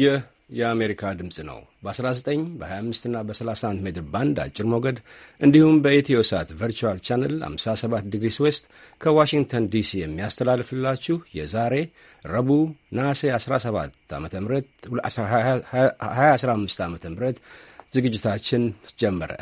ይህ የአሜሪካ ድምፅ ነው። በ19 በ25 እና በ31 ሜትር ባንድ አጭር ሞገድ እንዲሁም በኢትዮ ሳት ቨርቹዋል ቻነል 57 ዲግሪስ ዌስት ከዋሽንግተን ዲሲ የሚያስተላልፍላችሁ የዛሬ ረቡዕ ነሐሴ 17 ዓ ም 2015 ዓ ም ዝግጅታችን ጀመረ።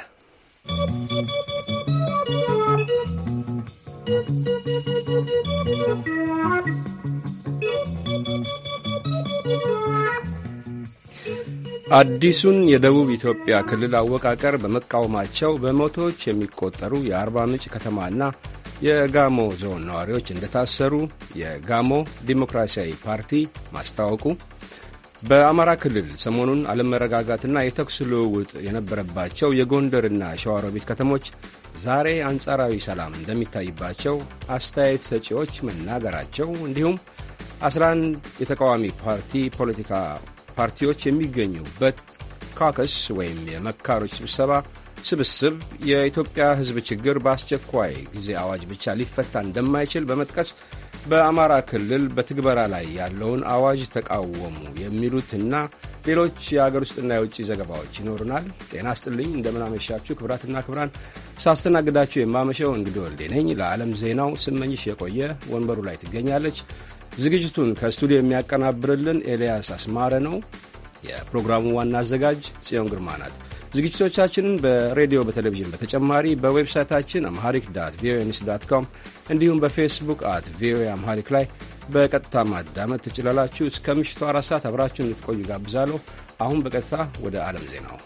አዲሱን የደቡብ ኢትዮጵያ ክልል አወቃቀር በመቃወማቸው በመቶዎች የሚቆጠሩ የአርባ ምንጭ ከተማና የጋሞ ዞን ነዋሪዎች እንደታሰሩ የጋሞ ዲሞክራሲያዊ ፓርቲ ማስታወቁ፣ በአማራ ክልል ሰሞኑን አለመረጋጋትና የተኩስ ልውውጥ የነበረባቸው የጎንደርና ሸዋሮቢት ከተሞች ዛሬ አንጻራዊ ሰላም እንደሚታይባቸው አስተያየት ሰጪዎች መናገራቸው እንዲሁም 11 የተቃዋሚ ፓርቲ ፖለቲካ ፓርቲዎች የሚገኙበት ካከስ ወይም የመካሮች ስብሰባ ስብስብ የኢትዮጵያ ሕዝብ ችግር በአስቸኳይ ጊዜ አዋጅ ብቻ ሊፈታ እንደማይችል በመጥቀስ በአማራ ክልል በትግበራ ላይ ያለውን አዋጅ ተቃወሙ የሚሉትና ሌሎች የአገር ውስጥና የውጭ ዘገባዎች ይኖሩናል። ጤና ስጥልኝ፣ እንደምናመሻችሁ ክብራትና ክብራን ሳስተናግዳችሁ የማመሸው እንግዲህ ወልዴ ነኝ። ለዓለም ዜናው ስመኝሽ የቆየ ወንበሩ ላይ ትገኛለች። ዝግጅቱን ከስቱዲዮ የሚያቀናብርልን ኤልያስ አስማረ ነው። የፕሮግራሙ ዋና አዘጋጅ ጽዮን ግርማ ናት። ዝግጅቶቻችንን በሬዲዮ በቴሌቪዥን በተጨማሪ በዌብሳይታችን አምሃሪክ ዳት ቪኦኤ ኒውስ ዳት ኮም እንዲሁም በፌስቡክ አት ቪኦኤ አምሃሪክ ላይ በቀጥታ ማዳመጥ ትችላላችሁ። እስከ ምሽቱ አራት ሰዓት አብራችሁን ልትቆዩ ጋብዛለሁ። አሁን በቀጥታ ወደ ዓለም ዜናው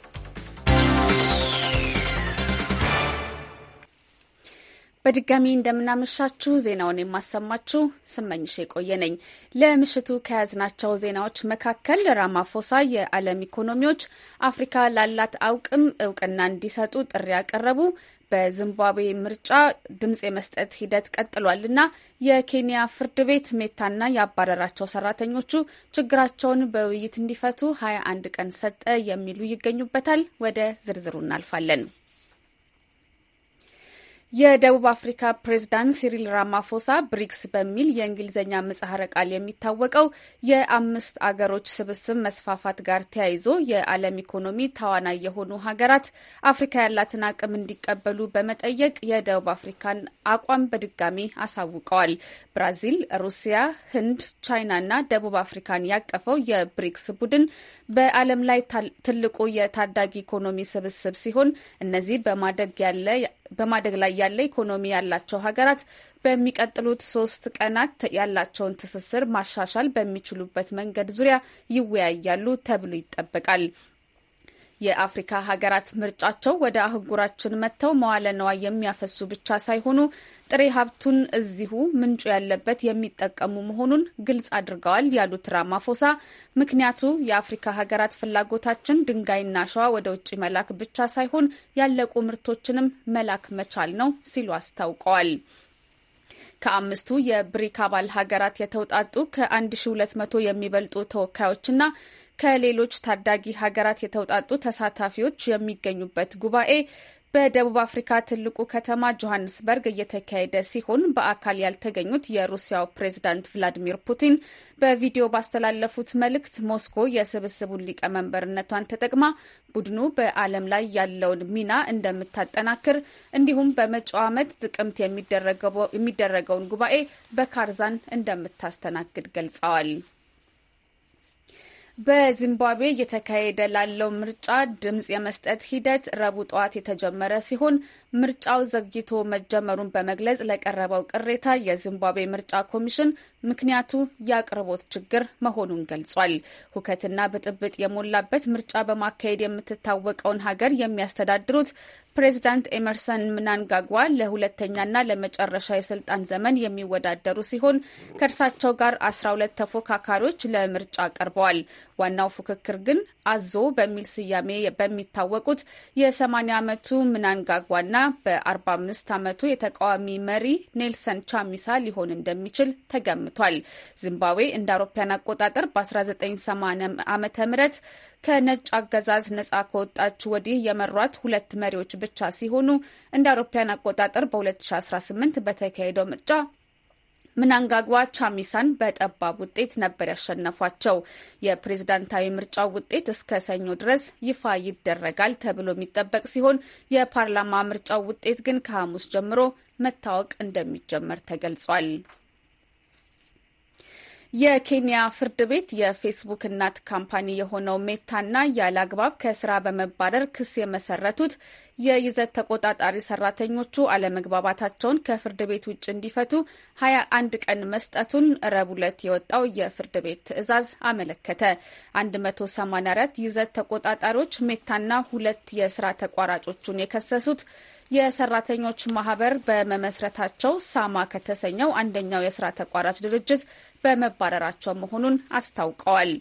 በድጋሚ እንደምናመሻችሁ ዜናውን የማሰማችሁ ስመኝሽ የቆየ ነኝ። ለምሽቱ ከያዝናቸው ዜናዎች መካከል ራማፎሳ የዓለም ኢኮኖሚዎች አፍሪካ ላላት አውቅም እውቅና እንዲሰጡ ጥሪ ያቀረቡ በዚምባብዌ ምርጫ ድምፅ የመስጠት ሂደት ቀጥሏል የኬንያ ፍርድ ቤት ሜታና ያባረራቸው ሰራተኞቹ ችግራቸውን በውይይት እንዲፈቱ 21 ቀን ሰጠ የሚሉ ይገኙበታል። ወደ ዝርዝሩ እናልፋለን። የደቡብ አፍሪካ ፕሬዝዳንት ሲሪል ራማፎሳ ብሪክስ በሚል የእንግሊዝኛ ምጽሐረ ቃል የሚታወቀው የአምስት አገሮች ስብስብ መስፋፋት ጋር ተያይዞ የዓለም ኢኮኖሚ ተዋናይ የሆኑ ሀገራት አፍሪካ ያላትን አቅም እንዲቀበሉ በመጠየቅ የደቡብ አፍሪካን አቋም በድጋሚ አሳውቀዋል። ብራዚል፣ ሩሲያ፣ ህንድ፣ ቻይናና ደቡብ አፍሪካን ያቀፈው የብሪክስ ቡድን በዓለም ላይ ትልቁ የታዳጊ ኢኮኖሚ ስብስብ ሲሆን እነዚህ በማደግ ያለ በማደግ ላይ ያለ ኢኮኖሚ ያላቸው ሀገራት በሚቀጥሉት ሶስት ቀናት ያላቸውን ትስስር ማሻሻል በሚችሉበት መንገድ ዙሪያ ይወያያሉ ተብሎ ይጠበቃል። የአፍሪካ ሀገራት ምርጫቸው ወደ አህጉራችን መጥተው መዋለ ነዋይ የሚያፈሱ ብቻ ሳይሆኑ ጥሬ ሀብቱን እዚሁ ምንጩ ያለበት የሚጠቀሙ መሆኑን ግልጽ አድርገዋል ያሉት ራማፎሳ ምክንያቱ የአፍሪካ ሀገራት ፍላጎታችን ድንጋይና አሸዋ ወደ ውጭ መላክ ብቻ ሳይሆን ያለቁ ምርቶችንም መላክ መቻል ነው ሲሉ አስታውቀዋል። ከአምስቱ የብሪክ አባል ሀገራት የተውጣጡ ከ1200 የሚበልጡ ተወካዮችና ከሌሎች ታዳጊ ሀገራት የተውጣጡ ተሳታፊዎች የሚገኙበት ጉባኤ በደቡብ አፍሪካ ትልቁ ከተማ ጆሀንስበርግ እየተካሄደ ሲሆን በአካል ያልተገኙት የሩሲያው ፕሬዝዳንት ቭላዲሚር ፑቲን በቪዲዮ ባስተላለፉት መልእክት ሞስኮ የስብስቡን ሊቀመንበርነቷን ተጠቅማ ቡድኑ በዓለም ላይ ያለውን ሚና እንደምታጠናክር እንዲሁም በመጪው ዓመት ጥቅምት የሚደረገውን ጉባኤ በካርዛን እንደምታስተናግድ ገልጸዋል። በዚምባብዌ እየተካሄደ ላለው ምርጫ ድምፅ የመስጠት ሂደት ረቡዕ ጠዋት የተጀመረ ሲሆን ምርጫው ዘግይቶ መጀመሩን በመግለጽ ለቀረበው ቅሬታ የዚምባብዌ ምርጫ ኮሚሽን ምክንያቱ የአቅርቦት ችግር መሆኑን ገልጿል። ሁከትና ብጥብጥ የሞላበት ምርጫ በማካሄድ የምትታወቀውን ሀገር የሚያስተዳድሩት ፕሬዚዳንት ኤመርሰን ምናንጋጓ ለሁለተኛና ለመጨረሻ የስልጣን ዘመን የሚወዳደሩ ሲሆን ከእርሳቸው ጋር 12 ተፎካካሪዎች ለምርጫ ቀርበዋል። ዋናው ፉክክር ግን አዞ በሚል ስያሜ በሚታወቁት የ80 ዓመቱ ምናንጋጓና በ45 ዓመቱ የተቃዋሚ መሪ ኔልሰን ቻሚሳ ሊሆን እንደሚችል ተገምቷል። ዚምባብዌ እንደ አውሮፓውያን አቆጣጠር በ1980 ዓመተ ምህረት ከነጭ አገዛዝ ነጻ ከወጣች ወዲህ የመሯት ሁለት መሪዎች ብቻ ሲሆኑ እንደ አውሮፓውያን አቆጣጠር በ2018 በተካሄደው ምርጫ ምናንጋግዋ ቻሚሳን በጠባብ ውጤት ነበር ያሸነፏቸው። የፕሬዝዳንታዊ ምርጫው ውጤት እስከ ሰኞ ድረስ ይፋ ይደረጋል ተብሎ የሚጠበቅ ሲሆን የፓርላማ ምርጫው ውጤት ግን ከሐሙስ ጀምሮ መታወቅ እንደሚጀመር ተገልጿል። የኬንያ ፍርድ ቤት የፌስቡክ እናት ካምፓኒ የሆነው ሜታና ያለ አግባብ ከስራ በመባረር ክስ የመሰረቱት የይዘት ተቆጣጣሪ ሰራተኞቹ አለመግባባታቸውን ከፍርድ ቤት ውጭ እንዲፈቱ ሀያ አንድ ቀን መስጠቱን ረቡዕ ዕለት የወጣው የፍርድ ቤት ትዕዛዝ አመለከተ። 184 ይዘት ተቆጣጣሪዎች ሜታና ሁለት የስራ ተቋራጮቹን የከሰሱት የሰራተኞች ማህበር በመመስረታቸው ሳማ ከተሰኘው አንደኛው የስራ ተቋራጭ ድርጅት በመባረራቸው መሆኑን አስታውቀዋል።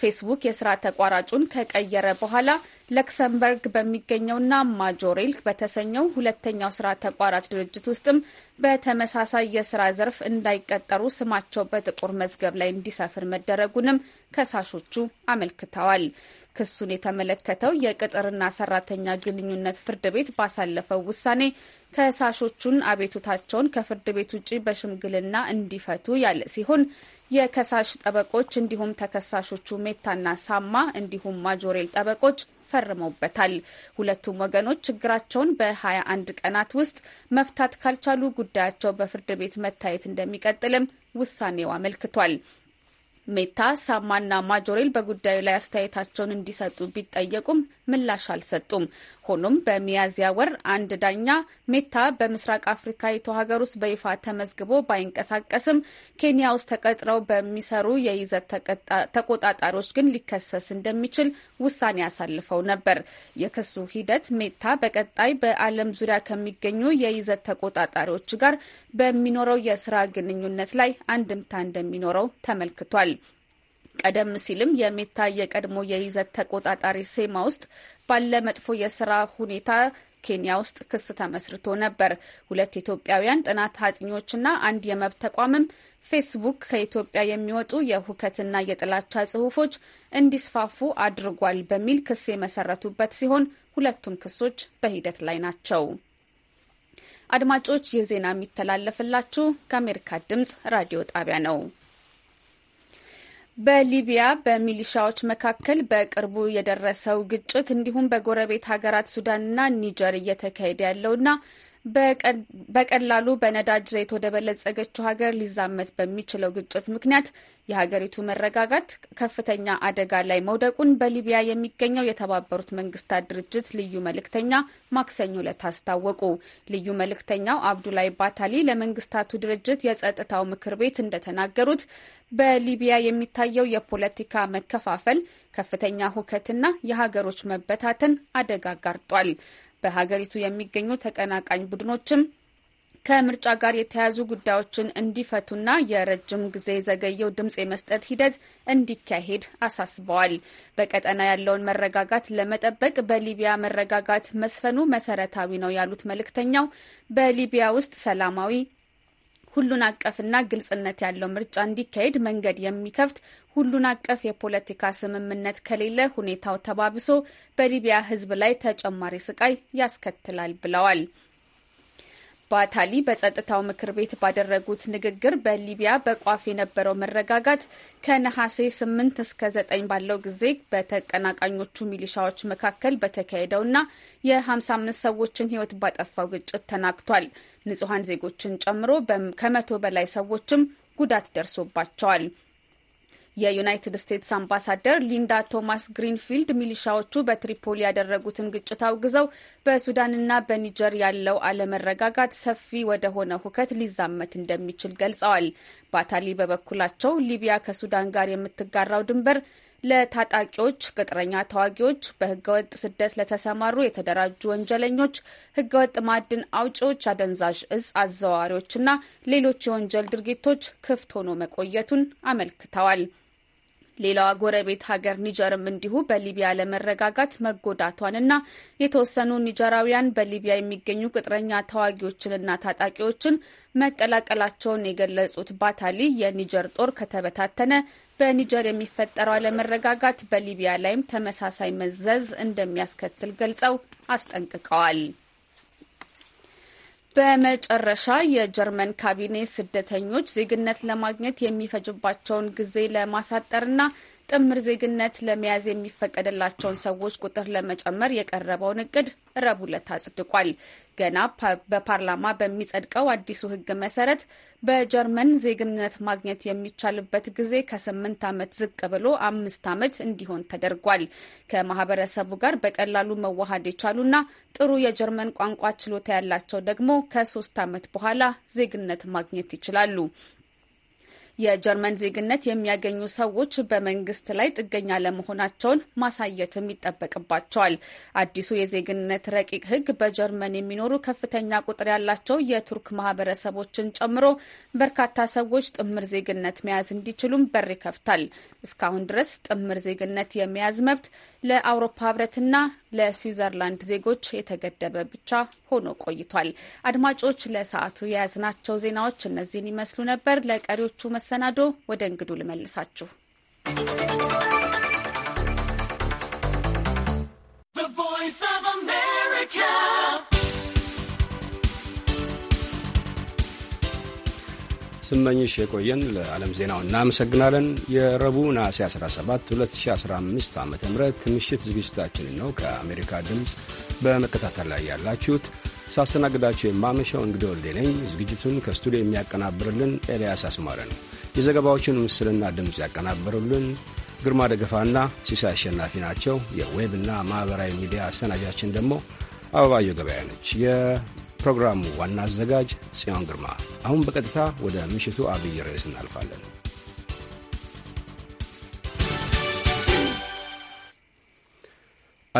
ፌስቡክ የስራ ተቋራጩን ከቀየረ በኋላ ለክሰምበርግ በሚገኘውና ማጆሬል በተሰኘው ሁለተኛው ስራ ተቋራጭ ድርጅት ውስጥም በተመሳሳይ የስራ ዘርፍ እንዳይቀጠሩ ስማቸው በጥቁር መዝገብ ላይ እንዲሰፍር መደረጉንም ከሳሾቹ አመልክተዋል። ክሱን የተመለከተው የቅጥርና ሰራተኛ ግንኙነት ፍርድ ቤት ባሳለፈው ውሳኔ ከሳሾቹን አቤቱታቸውን ከፍርድ ቤት ውጭ በሽምግልና እንዲፈቱ ያለ ሲሆን የከሳሽ ጠበቆች እንዲሁም ተከሳሾቹ ሜታና ሳማ እንዲሁም ማጆሬል ጠበቆች ፈርመውበታል። ሁለቱም ወገኖች ችግራቸውን በ21 ቀናት ውስጥ መፍታት ካልቻሉ ጉዳያቸው በፍርድ ቤት መታየት እንደሚቀጥልም ውሳኔው አመልክቷል። ሜታ ሳማና ማጆሬል በጉዳዩ ላይ አስተያየታቸውን እንዲሰጡ ቢጠየቁም ምላሽ አልሰጡም። ሆኖም በሚያዝያ ወር አንድ ዳኛ ሜታ በምስራቅ አፍሪካዊቷ ሀገር ውስጥ በይፋ ተመዝግቦ ባይንቀሳቀስም ኬንያ ውስጥ ተቀጥረው በሚሰሩ የይዘት ተቆጣጣሪዎች ግን ሊከሰስ እንደሚችል ውሳኔ አሳልፈው ነበር። የክሱ ሂደት ሜታ በቀጣይ በዓለም ዙሪያ ከሚገኙ የይዘት ተቆጣጣሪዎች ጋር በሚኖረው የስራ ግንኙነት ላይ አንድምታ እንደሚኖረው ተመልክቷል። ቀደም ሲልም የሜታ የቀድሞ የይዘት ተቆጣጣሪ ሴማ ውስጥ ባለ መጥፎ የስራ ሁኔታ ኬንያ ውስጥ ክስ ተመስርቶ ነበር። ሁለት ኢትዮጵያውያን ጥናት አጥኚዎችና አንድ የመብት ተቋምም ፌስቡክ ከኢትዮጵያ የሚወጡ የሁከትና የጥላቻ ጽሁፎች እንዲስፋፉ አድርጓል በሚል ክስ የመሰረቱበት ሲሆን ሁለቱም ክሶች በሂደት ላይ ናቸው። አድማጮች፣ ይህ ዜና የሚተላለፍላችሁ ከአሜሪካ ድምጽ ራዲዮ ጣቢያ ነው። በሊቢያ በሚሊሻዎች መካከል በቅርቡ የደረሰው ግጭት እንዲሁም በጎረቤት ሀገራት ሱዳንና ኒጀር እየተካሄደ ያለውና በቀላሉ በነዳጅ ዘይት ወደ በለጸገችው ሀገር ሊዛመት በሚችለው ግጭት ምክንያት የሀገሪቱ መረጋጋት ከፍተኛ አደጋ ላይ መውደቁን በሊቢያ የሚገኘው የተባበሩት መንግስታት ድርጅት ልዩ መልእክተኛ ማክሰኞ ዕለት አስታወቁ። ልዩ መልእክተኛው አብዱላይ ባታሊ ለመንግስታቱ ድርጅት የጸጥታው ምክር ቤት እንደተናገሩት በሊቢያ የሚታየው የፖለቲካ መከፋፈል፣ ከፍተኛ ሁከትና የሀገሮች መበታተን አደጋ ጋርጧል። በሀገሪቱ የሚገኙ ተቀናቃኝ ቡድኖችም ከምርጫ ጋር የተያያዙ ጉዳዮችን እንዲፈቱና የረጅም ጊዜ ዘገየው ድምፅ የመስጠት ሂደት እንዲካሄድ አሳስበዋል። በቀጠና ያለውን መረጋጋት ለመጠበቅ በሊቢያ መረጋጋት መስፈኑ መሰረታዊ ነው ያሉት መልእክተኛው በሊቢያ ውስጥ ሰላማዊ ሁሉን አቀፍና ግልጽነት ያለው ምርጫ እንዲካሄድ መንገድ የሚከፍት ሁሉን አቀፍ የፖለቲካ ስምምነት ከሌለ ሁኔታው ተባብሶ በሊቢያ ሕዝብ ላይ ተጨማሪ ስቃይ ያስከትላል ብለዋል። ባታሊ በጸጥታው ምክር ቤት ባደረጉት ንግግር በሊቢያ በቋፍ የነበረው መረጋጋት ከነሐሴ 8 እስከ ዘጠኝ ባለው ጊዜ በተቀናቃኞቹ ሚሊሻዎች መካከል በተካሄደውና የ55 ሰዎችን ሕይወት ባጠፋው ግጭት ተናግቷል። ንጹሐን ዜጎችን ጨምሮ ከመቶ በላይ ሰዎችም ጉዳት ደርሶባቸዋል። የዩናይትድ ስቴትስ አምባሳደር ሊንዳ ቶማስ ግሪንፊልድ ሚሊሻዎቹ በትሪፖሊ ያደረጉትን ግጭት አውግዘው በሱዳንና በኒጀር ያለው አለመረጋጋት ሰፊ ወደሆነ ሁከት ሊዛመት እንደሚችል ገልጸዋል። ባታሊ በበኩላቸው ሊቢያ ከሱዳን ጋር የምትጋራው ድንበር ለታጣቂዎች፣ ቅጥረኛ ተዋጊዎች፣ በህገወጥ ስደት ለተሰማሩ የተደራጁ ወንጀለኞች፣ ህገወጥ ማዕድን አውጪዎች፣ አደንዛዥ እጽ አዘዋዋሪዎችና ሌሎች የወንጀል ድርጊቶች ክፍት ሆኖ መቆየቱን አመልክተዋል። ሌላዋ ጎረቤት ሀገር ኒጀርም እንዲሁ በሊቢያ ለመረጋጋት መጎዳቷንና የተወሰኑ ኒጀራውያን በሊቢያ የሚገኙ ቅጥረኛ ተዋጊዎችንና ታጣቂዎችን መቀላቀላቸውን የገለጹት ባታሊ የኒጀር ጦር ከተበታተነ በኒጀር የሚፈጠረው አለመረጋጋት በሊቢያ ላይም ተመሳሳይ መዘዝ እንደሚያስከትል ገልጸው አስጠንቅቀዋል። በመጨረሻ የጀርመን ካቢኔ ስደተኞች ዜግነት ለማግኘት የሚፈጅባቸውን ጊዜ ለማሳጠርና ጥምር ዜግነት ለመያዝ የሚፈቀድላቸውን ሰዎች ቁጥር ለመጨመር የቀረበውን እቅድ ረቡዕ ዕለት አጽድቋል። ገና በፓርላማ በሚጸድቀው አዲሱ ሕግ መሰረት በጀርመን ዜግነት ማግኘት የሚቻልበት ጊዜ ከስምንት ዓመት ዝቅ ብሎ አምስት ዓመት እንዲሆን ተደርጓል። ከማህበረሰቡ ጋር በቀላሉ መዋሃድ የቻሉና ጥሩ የጀርመን ቋንቋ ችሎታ ያላቸው ደግሞ ከሶስት ዓመት በኋላ ዜግነት ማግኘት ይችላሉ። የጀርመን ዜግነት የሚያገኙ ሰዎች በመንግስት ላይ ጥገኛ ለመሆናቸውን ማሳየትም ይጠበቅባቸዋል። አዲሱ የዜግነት ረቂቅ ህግ በጀርመን የሚኖሩ ከፍተኛ ቁጥር ያላቸው የቱርክ ማህበረሰቦችን ጨምሮ በርካታ ሰዎች ጥምር ዜግነት መያዝ እንዲችሉም በር ይከፍታል። እስካሁን ድረስ ጥምር ዜግነት የመያዝ መብት ለአውሮፓ ህብረትና ለስዊዘርላንድ ዜጎች የተገደበ ብቻ ሆኖ ቆይቷል። አድማጮች ለሰዓቱ የያዝናቸው ዜናዎች እነዚህን ይመስሉ ነበር። ለቀሪዎቹ መስ መሰናዶ ወደ እንግዱ ልመልሳችሁ። ስመኝሽ የቆየን ለዓለም ዜናው እናመሰግናለን። የረቡዕ ነሐሴ 17 2015 ዓ ም ምሽት ዝግጅታችንን ነው ከአሜሪካ ድምፅ በመከታተል ላይ ያላችሁት። ሳስተናግዳችሁ የማመሻው እንግዲህ ወልዴ ነኝ። ዝግጅቱን ከስቱዲዮ የሚያቀናብርልን ኤልያስ አስማረ ነው። የዘገባዎቹን ምስልና ድምፅ ያቀናበሩልን ግርማ ደገፋና ሲሳይ አሸናፊ ናቸው። የዌብና ማኅበራዊ ሚዲያ አሰናጃችን ደግሞ አበባየሁ ገበያ ነች። የፕሮግራሙ ዋና አዘጋጅ ጽዮን ግርማ። አሁን በቀጥታ ወደ ምሽቱ አብይ ርዕስ እናልፋለን።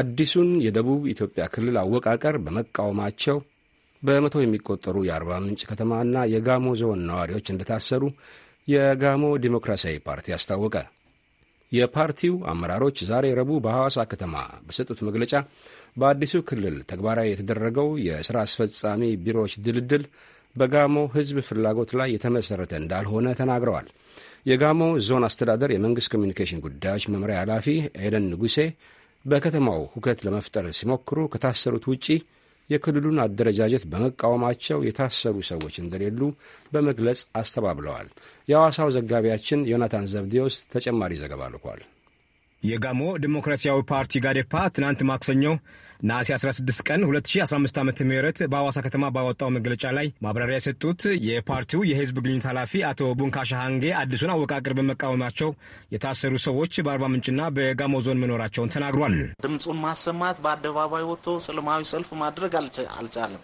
አዲሱን የደቡብ ኢትዮጵያ ክልል አወቃቀር በመቃወማቸው በመቶ የሚቆጠሩ የአርባ ምንጭ ከተማና የጋሞ ዞን ነዋሪዎች እንደታሰሩ የጋሞ ዲሞክራሲያዊ ፓርቲ አስታወቀ። የፓርቲው አመራሮች ዛሬ ረቡዕ በሐዋሳ ከተማ በሰጡት መግለጫ በአዲሱ ክልል ተግባራዊ የተደረገው የሥራ አስፈጻሚ ቢሮዎች ድልድል በጋሞ ሕዝብ ፍላጎት ላይ የተመሠረተ እንዳልሆነ ተናግረዋል። የጋሞ ዞን አስተዳደር የመንግሥት ኮሚኒኬሽን ጉዳዮች መምሪያ ኃላፊ ኤደን ንጉሴ በከተማው ሁከት ለመፍጠር ሲሞክሩ ከታሰሩት ውጪ የክልሉን አደረጃጀት በመቃወማቸው የታሰሩ ሰዎች እንደሌሉ በመግለጽ አስተባብለዋል። የሐዋሳው ዘጋቢያችን ዮናታን ዘብዴዎስ ተጨማሪ ዘገባ ልኳል። የጋሞ ዲሞክራሲያዊ ፓርቲ ጋዴፓ ትናንት ማክሰኞ ነሐሴ 16 ቀን 2015 ዓ ም በአዋሳ ከተማ ባወጣው መግለጫ ላይ ማብራሪያ የሰጡት የፓርቲው የህዝብ ግንኙነት ኃላፊ አቶ ቡንካሻ ሻሃንጌ አዲሱን አወቃቀር በመቃወማቸው የታሰሩ ሰዎች በአርባ ምንጭና በጋሞ ዞን መኖራቸውን ተናግሯል። ድምፁን ማሰማት፣ በአደባባይ ወጥቶ ሰላማዊ ሰልፍ ማድረግ አልቻለም፣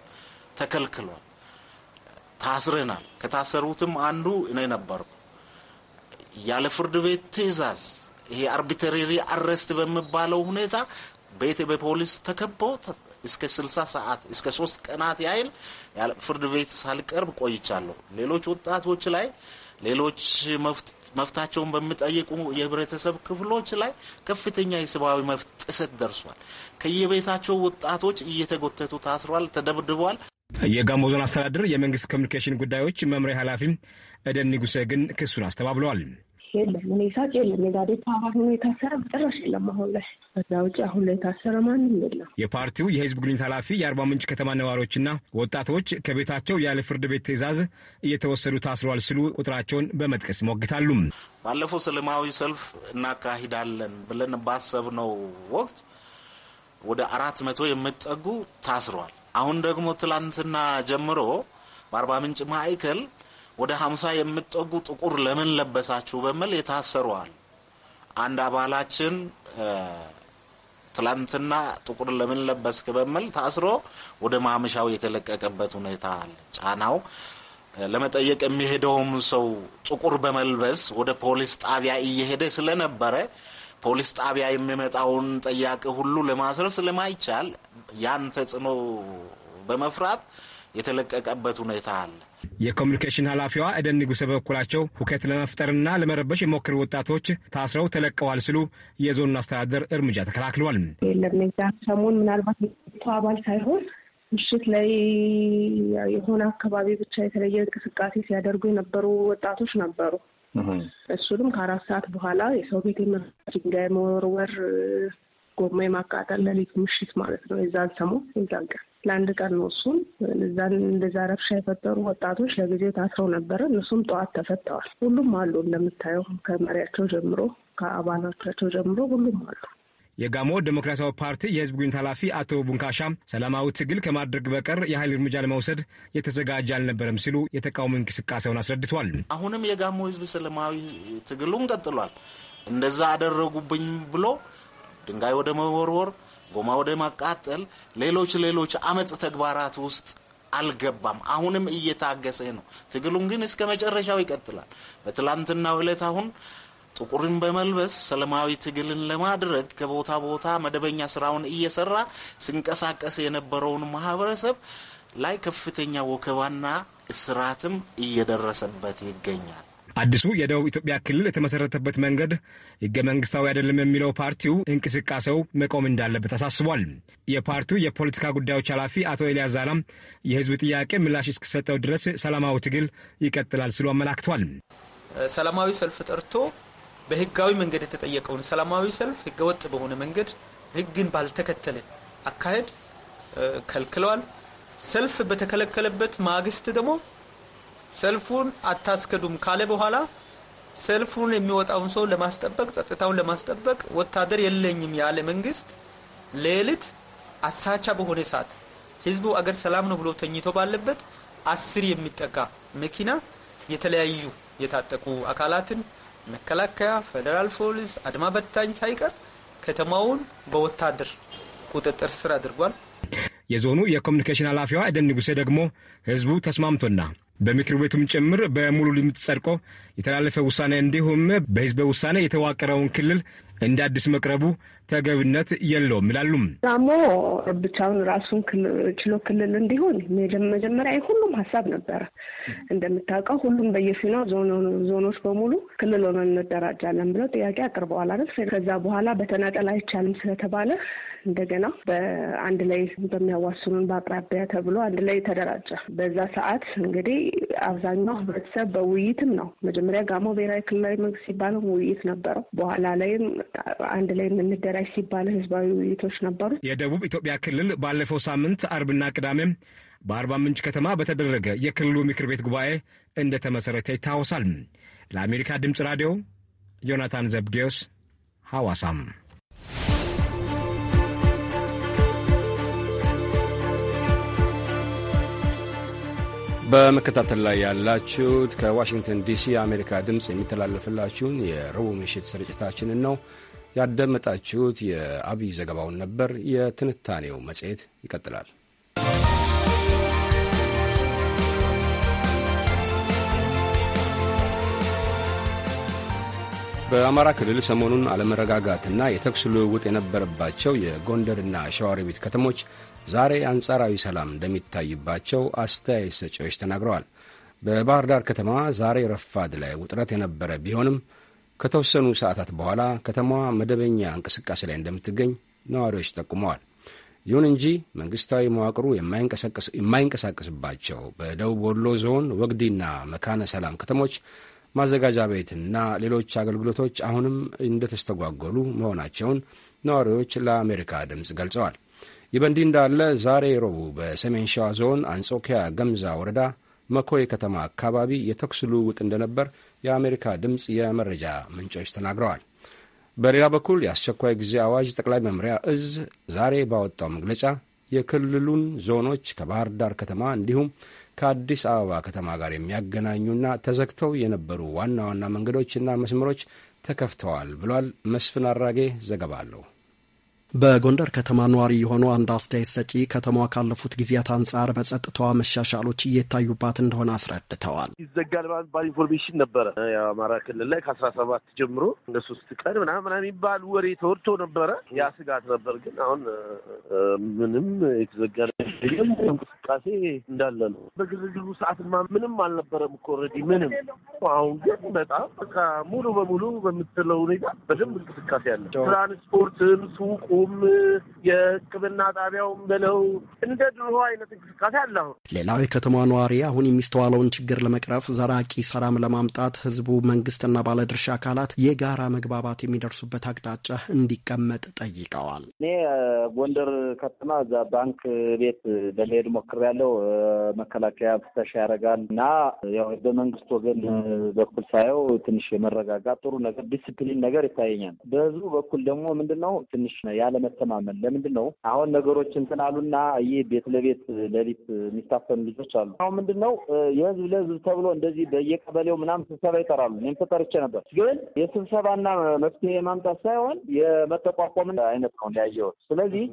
ተከልክሏል። ታስረናል። ከታሰሩትም አንዱ እኔ ነበርኩ። ያለ ፍርድ ቤት ትዕዛዝ ይሄ አርቢትራሪ አረስት በሚባለው ሁኔታ ቤት በፖሊስ ተከቦ እስከ 60 ሰዓት እስከ ሶስት ቀናት ያህል ፍርድ ቤት ሳልቀርብ ቆይቻለሁ። ሌሎች ወጣቶች ላይ ሌሎች መፍታቸውን በሚጠይቁ የህብረተሰብ ክፍሎች ላይ ከፍተኛ የሰብአዊ መብት ጥሰት ደርሷል። ከየቤታቸው ወጣቶች እየተጎተቱ ታስሯል፣ ተደብድቧል። የጋሞ ዞን አስተዳደር የመንግስት ኮሚኒኬሽን ጉዳዮች መምሪያ ኃላፊ እደን ንጉሴ ግን ክሱን አስተባብለዋል። የለም። እኔ ሳቅ የለም። የጋዴፓ አባል ሆኖ የታሰረ ጭራሽ የለም። አሁን ላይ ከዛ ውጭ አሁን ላይ የታሰረ ማንም የለም። የፓርቲው የህዝብ ግንኙነት ኃላፊ የአርባ ምንጭ ከተማ ነዋሪዎችና ወጣቶች ከቤታቸው ያለ ፍርድ ቤት ትዕዛዝ እየተወሰዱ ታስረዋል ሲሉ ቁጥራቸውን በመጥቀስ ይሞግታሉ። ባለፈው ሰላማዊ ሰልፍ እናካሂዳለን ብለን ባሰብነው ወቅት ወደ አራት መቶ የምጠጉ ታስሯል። አሁን ደግሞ ትላንትና ጀምሮ በአርባ ምንጭ ማዕከል ወደ ሀምሳ የምትጠጉ ጥቁር ለምን ለበሳችሁ በሚል የታሰሩዋል። አንድ አባላችን ትላንትና ጥቁር ለምን ለበስክ በሚል ታስሮ ወደ ማምሻው የተለቀቀበት ሁኔታ አለ። ጫናው ለመጠየቅ የሚሄደውም ሰው ጥቁር በመልበስ ወደ ፖሊስ ጣቢያ እየሄደ ስለነበረ ፖሊስ ጣቢያ የሚመጣውን ጠያቂ ሁሉ ለማሰር ስለማይቻል ያን ተጽዕኖ በመፍራት የተለቀቀበት ሁኔታ አለ። የኮሚኒኬሽን ኃላፊዋ እደን ንጉሰ በበኩላቸው ሁከት ለመፍጠርና ለመረበሽ የሞክር ወጣቶች ታስረው ተለቀዋል ሲሉ የዞኑ አስተዳደር እርምጃ ተከላክለዋል። የለም ሰሞን ምናልባት አባል ሳይሆን ምሽት ላይ የሆነ አካባቢ ብቻ የተለየ እንቅስቃሴ ሲያደርጉ የነበሩ ወጣቶች ነበሩ። እሱንም ከአራት ሰዓት በኋላ የሰው ቤት ድንጋይ መወርወር፣ ጎማ የማቃጠል ለሌት ምሽት ማለት ነው። የዛን ሰሞን የዛን ቀን ለአንድ ቀን ነው። እሱም እዛን እንደዛ ረብሻ የፈጠሩ ወጣቶች ለጊዜው ታስረው ነበረ። እነሱም ጠዋት ተፈተዋል። ሁሉም አሉ እንደምታየው ከመሪያቸው ጀምሮ ከአባላቻቸው ጀምሮ ሁሉም አሉ። የጋሞ ዴሞክራሲያዊ ፓርቲ የህዝብ ግንኙነት ኃላፊ አቶ ቡንካሻ ሰላማዊ ትግል ከማድረግ በቀር የኃይል እርምጃ ለመውሰድ የተዘጋጀ አልነበረም ሲሉ የተቃውሞ እንቅስቃሴውን አስረድቷል። አሁንም የጋሞ ህዝብ ሰላማዊ ትግሉን ቀጥሏል። እንደዛ አደረጉብኝ ብሎ ድንጋይ ወደ መወርወር ጎማ ወደ ማቃጠል፣ ሌሎች ሌሎች አመፅ ተግባራት ውስጥ አልገባም። አሁንም እየታገሰ ነው። ትግሉን ግን እስከ መጨረሻው ይቀጥላል። በትላንትናው እለት አሁን ጥቁርን በመልበስ ሰላማዊ ትግልን ለማድረግ ከቦታ ቦታ መደበኛ ስራውን እየሰራ ሲንቀሳቀስ የነበረውን ማህበረሰብ ላይ ከፍተኛ ወከባና እስራትም እየደረሰበት ይገኛል። አዲሱ የደቡብ ኢትዮጵያ ክልል የተመሰረተበት መንገድ ህገ መንግስታዊ አይደለም የሚለው ፓርቲው እንቅስቃሴው መቆም እንዳለበት አሳስቧል። የፓርቲው የፖለቲካ ጉዳዮች ኃላፊ አቶ ኤልያስ ዛላም የህዝብ ጥያቄ ምላሽ እስኪሰጠው ድረስ ሰላማዊ ትግል ይቀጥላል ሲሉ አመላክቷል። ሰላማዊ ሰልፍ ጠርቶ በህጋዊ መንገድ የተጠየቀውን ሰላማዊ ሰልፍ ህገወጥ በሆነ መንገድ ህግን ባልተከተለ አካሄድ ከልክለዋል። ሰልፍ በተከለከለበት ማግስት ደግሞ ሰልፉን አታስክዱም ካለ በኋላ ሰልፉን የሚወጣውን ሰው ለማስጠበቅ ጸጥታውን ለማስጠበቅ ወታደር የለኝም ያለ መንግስት ሌሊት አሳቻ በሆነ ሰዓት ህዝቡ አገር ሰላም ነው ብሎ ተኝቶ ባለበት አስር የሚጠጋ መኪና የተለያዩ የታጠቁ አካላትን መከላከያ፣ ፌዴራል ፖሊስ፣ አድማ በታኝ ሳይቀር ከተማውን በወታደር ቁጥጥር ስር አድርጓል። የዞኑ የኮሚኒኬሽን ኃላፊዋ ኤደን ንጉሴ ደግሞ ህዝቡ ተስማምቶና በምክር ቤቱም ጭምር በሙሉ ድምፅ ጸድቆ የተላለፈ ውሳኔ እንዲሁም በህዝበ ውሳኔ የተዋቀረውን ክልል እንደ አዲስ መቅረቡ ተገቢነት የለውም ይላሉም። ዛሞ ብቻውን ራሱን ችሎ ክልል እንዲሆን መጀመሪያ ሁሉም ሀሳብ ነበረ። እንደምታውቀው ሁሉም በየፊናው ዞኖች በሙሉ ክልል ሆነን እንደራጃለን ብለው ጥያቄ አቅርበዋል አይደል? ከዛ በኋላ በተናጠል አይቻልም ስለተባለ እንደገና በአንድ ላይ በሚያዋስኑን በአቅራቢያ ተብሎ አንድ ላይ ተደራጀ። በዛ ሰዓት እንግዲህ አብዛኛው ህብረተሰብ በውይይትም ነው መጀመሪያ ጋሞ ብሔራዊ ክልላዊ መንግስት ሲባለው ውይይት ነበረው። በኋላ ላይም አንድ ላይ የምንደራጅ ሲባል ህዝባዊ ውይይቶች ነበሩ። የደቡብ ኢትዮጵያ ክልል ባለፈው ሳምንት አርብና ቅዳሜ በአርባ ምንጭ ከተማ በተደረገ የክልሉ ምክር ቤት ጉባኤ እንደተመሰረተ ይታወሳል። ለአሜሪካ ድምፅ ራዲዮ ዮናታን ዘብዴዎስ ሐዋሳም በመከታተል ላይ ያላችሁት ከዋሽንግተን ዲሲ የአሜሪካ ድምፅ የሚተላለፍላችሁን የረቡዕ ምሽት ስርጭታችንን ነው ያደመጣችሁት። የአብይ ዘገባውን ነበር። የትንታኔው መጽሔት ይቀጥላል። በአማራ ክልል ሰሞኑን አለመረጋጋትና የተኩስ ልውውጥ የነበረባቸው የጎንደርና ሸዋሮቢት ከተሞች ዛሬ አንጻራዊ ሰላም እንደሚታይባቸው አስተያየት ሰጪዎች ተናግረዋል። በባህር ዳር ከተማ ዛሬ ረፋድ ላይ ውጥረት የነበረ ቢሆንም ከተወሰኑ ሰዓታት በኋላ ከተማዋ መደበኛ እንቅስቃሴ ላይ እንደምትገኝ ነዋሪዎች ጠቁመዋል። ይሁን እንጂ መንግስታዊ መዋቅሩ የማይንቀሳቀስባቸው በደቡብ ወሎ ዞን ወግዲና መካነ ሰላም ከተሞች ማዘጋጃ ቤትና ሌሎች አገልግሎቶች አሁንም እንደተስተጓጎሉ መሆናቸውን ነዋሪዎች ለአሜሪካ ድምፅ ገልጸዋል። ይህ በእንዲህ እንዳለ ዛሬ ረቡዕ በሰሜን ሸዋ ዞን አንጾኪያ ገምዛ ወረዳ መኮይ ከተማ አካባቢ የተኩስ ልውውጥ እንደነበር የአሜሪካ ድምፅ የመረጃ ምንጮች ተናግረዋል። በሌላ በኩል የአስቸኳይ ጊዜ አዋጅ ጠቅላይ መምሪያ እዝ ዛሬ ባወጣው መግለጫ የክልሉን ዞኖች ከባህር ዳር ከተማ እንዲሁም ከአዲስ አበባ ከተማ ጋር የሚያገናኙና ተዘግተው የነበሩ ዋና ዋና መንገዶችና መስመሮች ተከፍተዋል ብሏል። መስፍን አራጌ ዘገባ አለው በጎንደር ከተማ ነዋሪ የሆኑ አንድ አስተያየት ሰጪ ከተማዋ ካለፉት ጊዜያት አንጻር በጸጥታዋ መሻሻሎች እየታዩባት እንደሆነ አስረድተዋል። ይዘጋል ባል ኢንፎርሜሽን ነበረ የአማራ ክልል ላይ ከአስራ ሰባት ጀምሮ እንደ ሶስት ቀን ምናምን ምናምን የሚባል ወሬ ተወርቶ ነበረ። ያ ስጋት ነበር። ግን አሁን ምንም የተዘጋ እንቅስቃሴ እንዳለ ነው። በግርግሩ ሰዓትማ ምንም አልነበረም እኮ ኦልሬዲ ምንም። አሁን ግን በጣም ሙሉ በሙሉ በምትለው ሁኔታ በደንብ እንቅስቃሴ አለ። ትራንስፖርትም ሱቁ ሆስፒታሉም የሕክምና ጣቢያውም ብለው እንደ ድሮ አይነት እንቅስቃሴ አለ። አሁን ሌላው የከተማ ነዋሪ አሁን የሚስተዋለውን ችግር ለመቅረፍ ዘራቂ ሰላም ለማምጣት ህዝቡ፣ መንግስትና ባለድርሻ አካላት የጋራ መግባባት የሚደርሱበት አቅጣጫ እንዲቀመጥ ጠይቀዋል። እኔ ጎንደር ከተማ እዛ ባንክ ቤት ለመሄድ ሞክሬያለሁ። መከላከያ ፍተሻ ያደርጋል እና ያው በመንግስት ወገን በኩል ሳየው ትንሽ የመረጋጋት ጥሩ ነገር ዲስፕሊን ነገር ይታየኛል። በህዝቡ በኩል ደግሞ ምንድን ነው ትንሽ ያለ አለመተማመን ለምንድን ነው አሁን ነገሮች እንትን አሉና ይህ ቤት ለቤት ሌሊት የሚታፈኑ ልጆች አሉ። አሁን ምንድን ነው የህዝብ ለህዝብ ተብሎ እንደዚህ በየቀበሌው ምናምን ስብሰባ ይጠራሉ። እኔም ተጠርቼ ነበር። ግን የስብሰባና መፍትሄ ማምጣት ሳይሆን የመጠቋቋምን አይነት ነው ያየሁት። ስለዚህ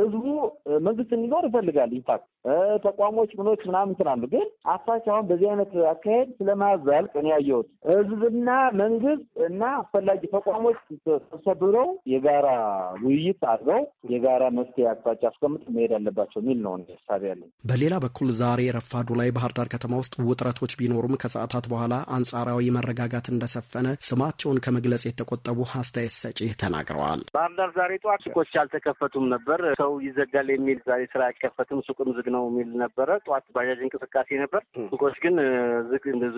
ህዝቡ መንግስት እንዲኖር ይፈልጋል። ኢንፋክት ተቋሞች ምኖች ምናምን ትናሉ። ግን አፋች አሁን በዚህ አይነት አካሄድ ስለማያዛልቅ እኔ ያየሁት ህዝብና መንግስት እና አስፈላጊ ተቋሞች ተሰብረው የጋራ ውይይት አድርገው የጋራ መፍትሄ አቅጣጫ አስቀምጥ መሄድ አለባቸው የሚል ነው ሳቢ ያለኝ። በሌላ በኩል ዛሬ ረፋዱ ላይ ባህር ዳር ከተማ ውስጥ ውጥረቶች ቢኖሩም ከሰዓታት በኋላ አንጻራዊ መረጋጋት እንደሰፈነ ስማቸውን ከመግለጽ የተቆጠቡ አስተያየት ሰጪ ተናግረዋል። ባህር ዳር ዛሬ ጠዋት ሱቆች አልተከፈቱም ነበር። ሰው ይዘጋል የሚል ዛሬ ስራ አይከፈትም፣ ሱቅም ዝግ ነው የሚል ነበረ። ጠዋት ባጃጅ እንቅስቃሴ ነበር። ሱቆች ግን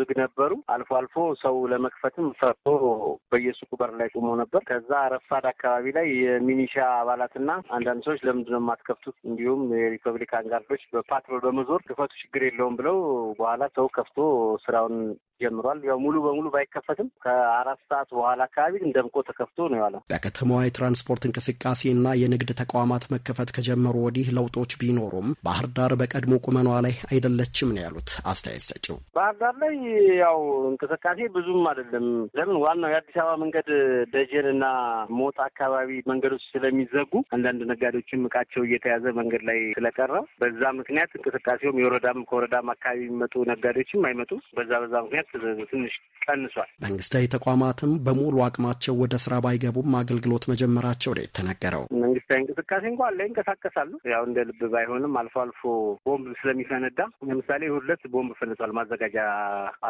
ዝግ ነበሩ። አልፎ አልፎ ሰው ለመክፈትም ፈርቶ በየሱቁ በር ላይ ቆሞ ነበር። ከዛ ረፋድ አካባቢ ላይ የሚኒ የሚሊሻ አባላትና አንዳንድ ሰዎች ለምንድነው የማትከፍቱት? እንዲሁም የሪፐብሊካን ጋርዶች በፓትሮል በመዞር ክፈቱ ችግር የለውም ብለው በኋላ ሰው ከፍቶ ስራውን ጀምሯል። ያው ሙሉ በሙሉ ባይከፈትም ከአራት ሰዓት በኋላ አካባቢ እንደምቆ ተከፍቶ ነው የዋለው። በከተማዋ የትራንስፖርት እንቅስቃሴና የንግድ ተቋማት መከፈት ከጀመሩ ወዲህ ለውጦች ቢኖሩም ባህር ዳር በቀድሞ ቁመኗ ላይ አይደለችም ነው ያሉት አስተያየት ሰጪው። ባህር ዳር ላይ ያው እንቅስቃሴ ብዙም አይደለም። ለምን ዋናው የአዲስ አበባ መንገድ ደጀን እና ሞጣ አካባቢ መንገዶች ስለሚዘጉ አንዳንድ ነጋዴዎችም እቃቸው እየተያዘ መንገድ ላይ ስለቀረ በዛ ምክንያት እንቅስቃሴውም የወረዳም ከወረዳም አካባቢ የሚመጡ ነጋዴዎችም አይመጡም። በዛ በዛ ምክንያት ትንሽ ቀንሷል። መንግስታዊ ተቋማትም በሙሉ አቅማቸው ወደ ስራ ባይገቡም አገልግሎት መጀመራቸው ነው የተነገረው። መንግስታዊ እንቅስቃሴ እንኳ አለ፣ ይንቀሳቀሳሉ። ያው እንደ ልብ ባይሆንም አልፎ አልፎ ቦምብ ስለሚፈነዳ ለምሳሌ ሁለት ቦምብ ፈንሷል፣ ማዘጋጃ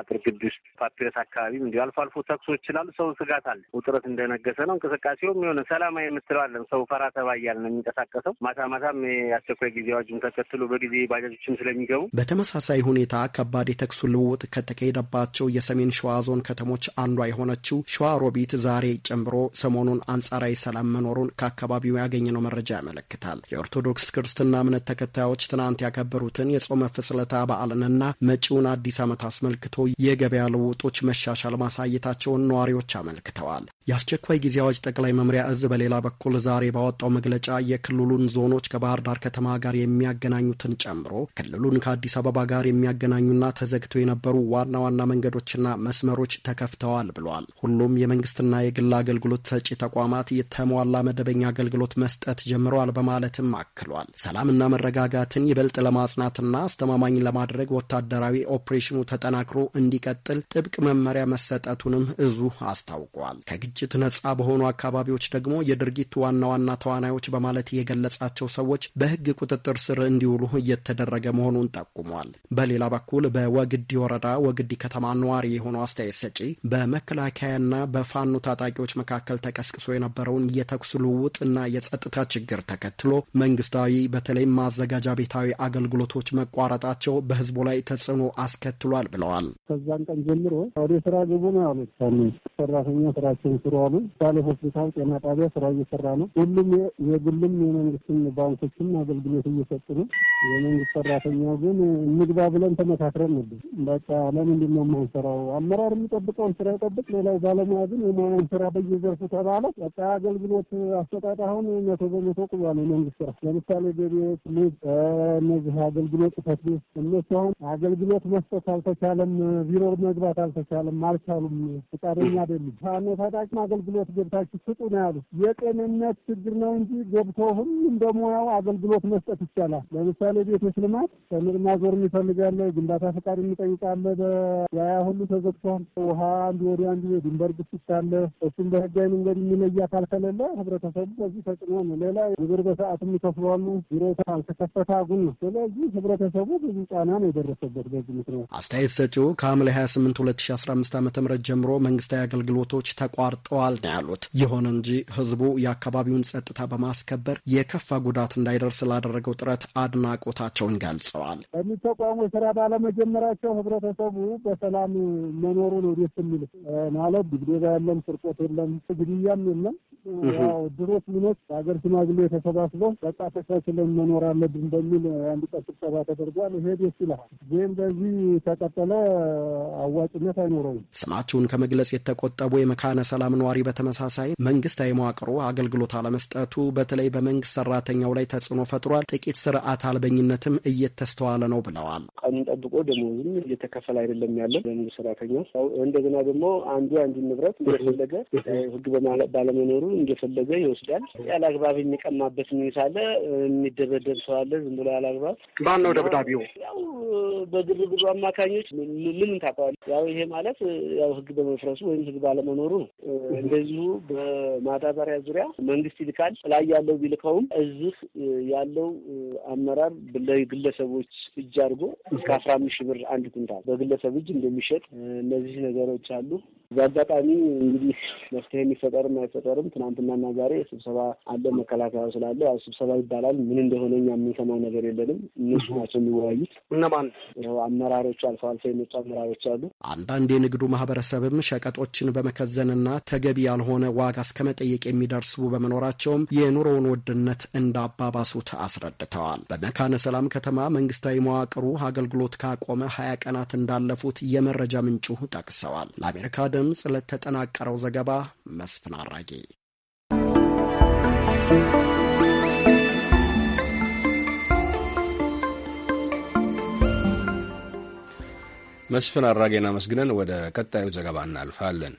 አጥር ግቢ ውስጥ ፓፒረስ አካባቢ እንዲ አልፎ አልፎ ተኩሶች ይችላሉ። ሰው ስጋት አለ፣ ውጥረት እንደነገሰ ነው። እንቅስቃሴውም የሆነ ሰላማዊ የምትለዋለን ሰው ፈራ ተባ እያለ ነው የሚንቀሳቀሰው። ማታ ማታም የአስቸኳይ ጊዜ አዋጁን ተከትሎ በጊዜ ባጃጆችም ስለሚገቡ በተመሳሳይ ሁኔታ ከባድ የተኩሱ ልውውጥ ከተካሄደባ ካላቸው የሰሜን ሸዋ ዞን ከተሞች አንዷ የሆነችው ሸዋ ሮቢት ዛሬ ጨምሮ ሰሞኑን አንጻራዊ ሰላም መኖሩን ከአካባቢው ያገኘነው መረጃ ያመለክታል። የኦርቶዶክስ ክርስትና እምነት ተከታዮች ትናንት ያከበሩትን የጾመ ፍስለታ በዓልንና መጪውን አዲስ ዓመት አስመልክቶ የገበያ ልውጦች መሻሻል ማሳየታቸውን ነዋሪዎች አመልክተዋል። የአስቸኳይ ጊዜ አዋጅ ጠቅላይ መምሪያ እዝ በሌላ በኩል ዛሬ ባወጣው መግለጫ የክልሉን ዞኖች ከባህር ዳር ከተማ ጋር የሚያገናኙትን ጨምሮ ክልሉን ከአዲስ አበባ ጋር የሚያገናኙና ተዘግተው የነበሩ ዋና ዋና መንገዶችና መስመሮች ተከፍተዋል ብሏል። ሁሉም የመንግስትና የግል አገልግሎት ሰጪ ተቋማት የተሟላ መደበኛ አገልግሎት መስጠት ጀምረዋል በማለትም አክሏል። ሰላምና መረጋጋትን ይበልጥ ለማጽናትና አስተማማኝ ለማድረግ ወታደራዊ ኦፕሬሽኑ ተጠናክሮ እንዲቀጥል ጥብቅ መመሪያ መሰጠቱንም እዙ አስታውቋል። ከግጭት ነጻ በሆኑ አካባቢዎች ደግሞ የድርጊት ዋና ዋና ተዋናዮች በማለት የገለጻቸው ሰዎች በህግ ቁጥጥር ስር እንዲውሉ እየተደረገ መሆኑን ጠቁሟል። በሌላ በኩል በወግዲ ወረዳ ወግዲ ከተማ ከተማ ነዋሪ የሆነው አስተያየት ሰጪ በመከላከያና በፋኖ ታጣቂዎች መካከል ተቀስቅሶ የነበረውን የተኩስ ልውውጥና የጸጥታ ችግር ተከትሎ መንግስታዊ በተለይም ማዘጋጃ ቤታዊ አገልግሎቶች መቋረጣቸው በህዝቡ ላይ ተጽዕኖ አስከትሏል ብለዋል። ከዛን ቀን ጀምሮ ወደ ስራ ግቡ ነው ያሉት ሰራተኛ ስራቸውን ስሩ አሉ። ሳሌ ሆስፒታል፣ ጤና ጣቢያ ስራ እየሰራ ነው። ሁሉም የግልም የመንግስትም ባንኮችም አገልግሎት እየሰጡ ነው። የመንግስት ሰራተኛ ግን እንግባ ብለን ተመካክረን ነበር። በቃ ለምንድን ነው የምንሰራው አመራር የሚጠብቀውን ስራ ይጠብቅ፣ ሌላው ባለሙያ ግን የመሆኑን ስራ በየዘርፉ ተባለ። ቀጣይ አገልግሎት አሰጣጥ አሁን መቶ በመቶ ቁሟል። የመንግስት ስራ ለምሳሌ ገቢዎች፣ ንግድ፣ እነዚህ አገልግሎት ጽፈት ቤት እነሱ አሁን አገልግሎት መስጠት አልተቻለም፣ ቢሮ መግባት አልተቻለም፣ አልቻሉም፣ ፍቃደኛ አይደሉም። ፋኖ ታጣቂም አገልግሎት ገብታችሁ ስጡ ነው ያሉት። የጤንነት ችግር ነው እንጂ ገብቶ ሁሉም በሙያው አገልግሎት መስጠት ይቻላል። ለምሳሌ ቤቶች ልማት ተምር ማዞር የሚፈልጋለ ግንባታ ፈቃድ የሚጠይቃለ ያ ሁሉ ተዘግቷል። ውሃ አንዱ ወዲ አንዱ የድንበር ግጭት አለ። እሱም በህጋዊ መንገድ የሚለይ አካል ከሌለ ህብረተሰቡ በዚህ ተጽዕኖ ነው። ሌላ ግብር በሰዓት የሚከፍሏሉ ቢሮ አልተከፈተ አጉን ነው። ስለዚህ ህብረተሰቡ ብዙ ጫና ነው የደረሰበት በዚህ ምክንያት። አስተያየት ሰጪው ከሐምሌ 28 2015 ዓ ም ጀምሮ መንግስታዊ አገልግሎቶች ተቋርጠዋል ነው ያሉት። ይሁን እንጂ ህዝቡ የአካባቢውን ጸጥታ በማስከበር የከፋ ጉዳት እንዳይደርስ ላደረገው ጥረት አድናቆታቸውን ገልጸዋል። በሚተቋሙ የስራ ባለመጀመራቸው ህብረተሰቡ በሰላ ሰላም መኖሩ ነው ደስ የሚል ማለት ድብደባ የለም፣ ስርቆት የለም፣ ግድያም የለም። ያው ድሮስ ምኖች ሀገር ሽማግሌ ተሰባስበው በቃ ተቻችለን መኖር አለብን በሚል አንድ ቀን ስብሰባ ተደርጓል። ይሄ ደስ ይልሃል። ግን በዚህ ተቀጠለ አዋጭነት አይኖረውም። ስማቸውን ከመግለጽ የተቆጠቡ የመካነ ሰላም ነዋሪ በተመሳሳይ መንግስታዊ መዋቅሩ አገልግሎት አለመስጠቱ በተለይ በመንግስት ሰራተኛው ላይ ተጽዕኖ ፈጥሯል፣ ጥቂት ስርዓት አልበኝነትም እየተስተዋለ ነው ብለዋል። ቀኑን ጠብቆ ደሞዝም እየተከፈለ አይደለም ያለን ለመንግስት ሰራተኞች እንደገና ደግሞ አንዱ አንዱ ንብረት እንደፈለገ ህግ ባለመኖሩ እንደፈለገ ይወስዳል። ያለ አግባብ የሚቀማበት ሁኔታ አለ። የሚደበደብ ሰው አለ። ዝም ብሎ ያለ አግባብ ማን ነው ደብዳቤው? ያው በግርግሩ አማካኞች ምንም ታውቀዋል። ያው ይሄ ማለት ያው ህግ በመፍረሱ ወይም ህግ ባለመኖሩ ነው። እንደዚሁ በማዳበሪያ ዙሪያ መንግስት ይልካል። ላይ ያለው ቢልከውም እዚህ ያለው አመራር ለግለሰቦች እጅ አድርጎ እስከ አስራ አምስት ሺህ ብር አንድ ኩንታል በግለሰብ እጅ እንደ የሚሸጥ እነዚህ ነገሮች አሉ። በአጋጣሚ እንግዲህ መፍትሄ የሚፈጠርም አይፈጠርም ትናንትናና ዛሬ ስብሰባ አለ። መከላከያ ስላለ ያው ስብሰባ ይባላል። ምን እንደሆነ እኛ የምንሰማው ነገር የለንም። እነሱ ናቸው የሚወያዩት። እነማን አመራሮቹ? አልፎ አልፎ የመጡ አመራሮች አሉ። አንዳንድ የንግዱ ማህበረሰብም ሸቀጦችን በመከዘንና ተገቢ ያልሆነ ዋጋ እስከ መጠየቅ የሚደርሱ በመኖራቸውም የኑሮውን ውድነት አባባሱት አስረድተዋል። በመካነ ሰላም ከተማ መንግስታዊ መዋቅሩ አገልግሎት ካቆመ ሀያ ቀናት እንዳለፉት የመረጃ ምንጩ ጠቅሰዋል። ለአሜሪካ ድምፅ ለተጠናቀረው ዘገባ መስፍን አራጌ። መስፍን አራጌን አመስግነን ወደ ቀጣዩ ዘገባ እናልፋለን።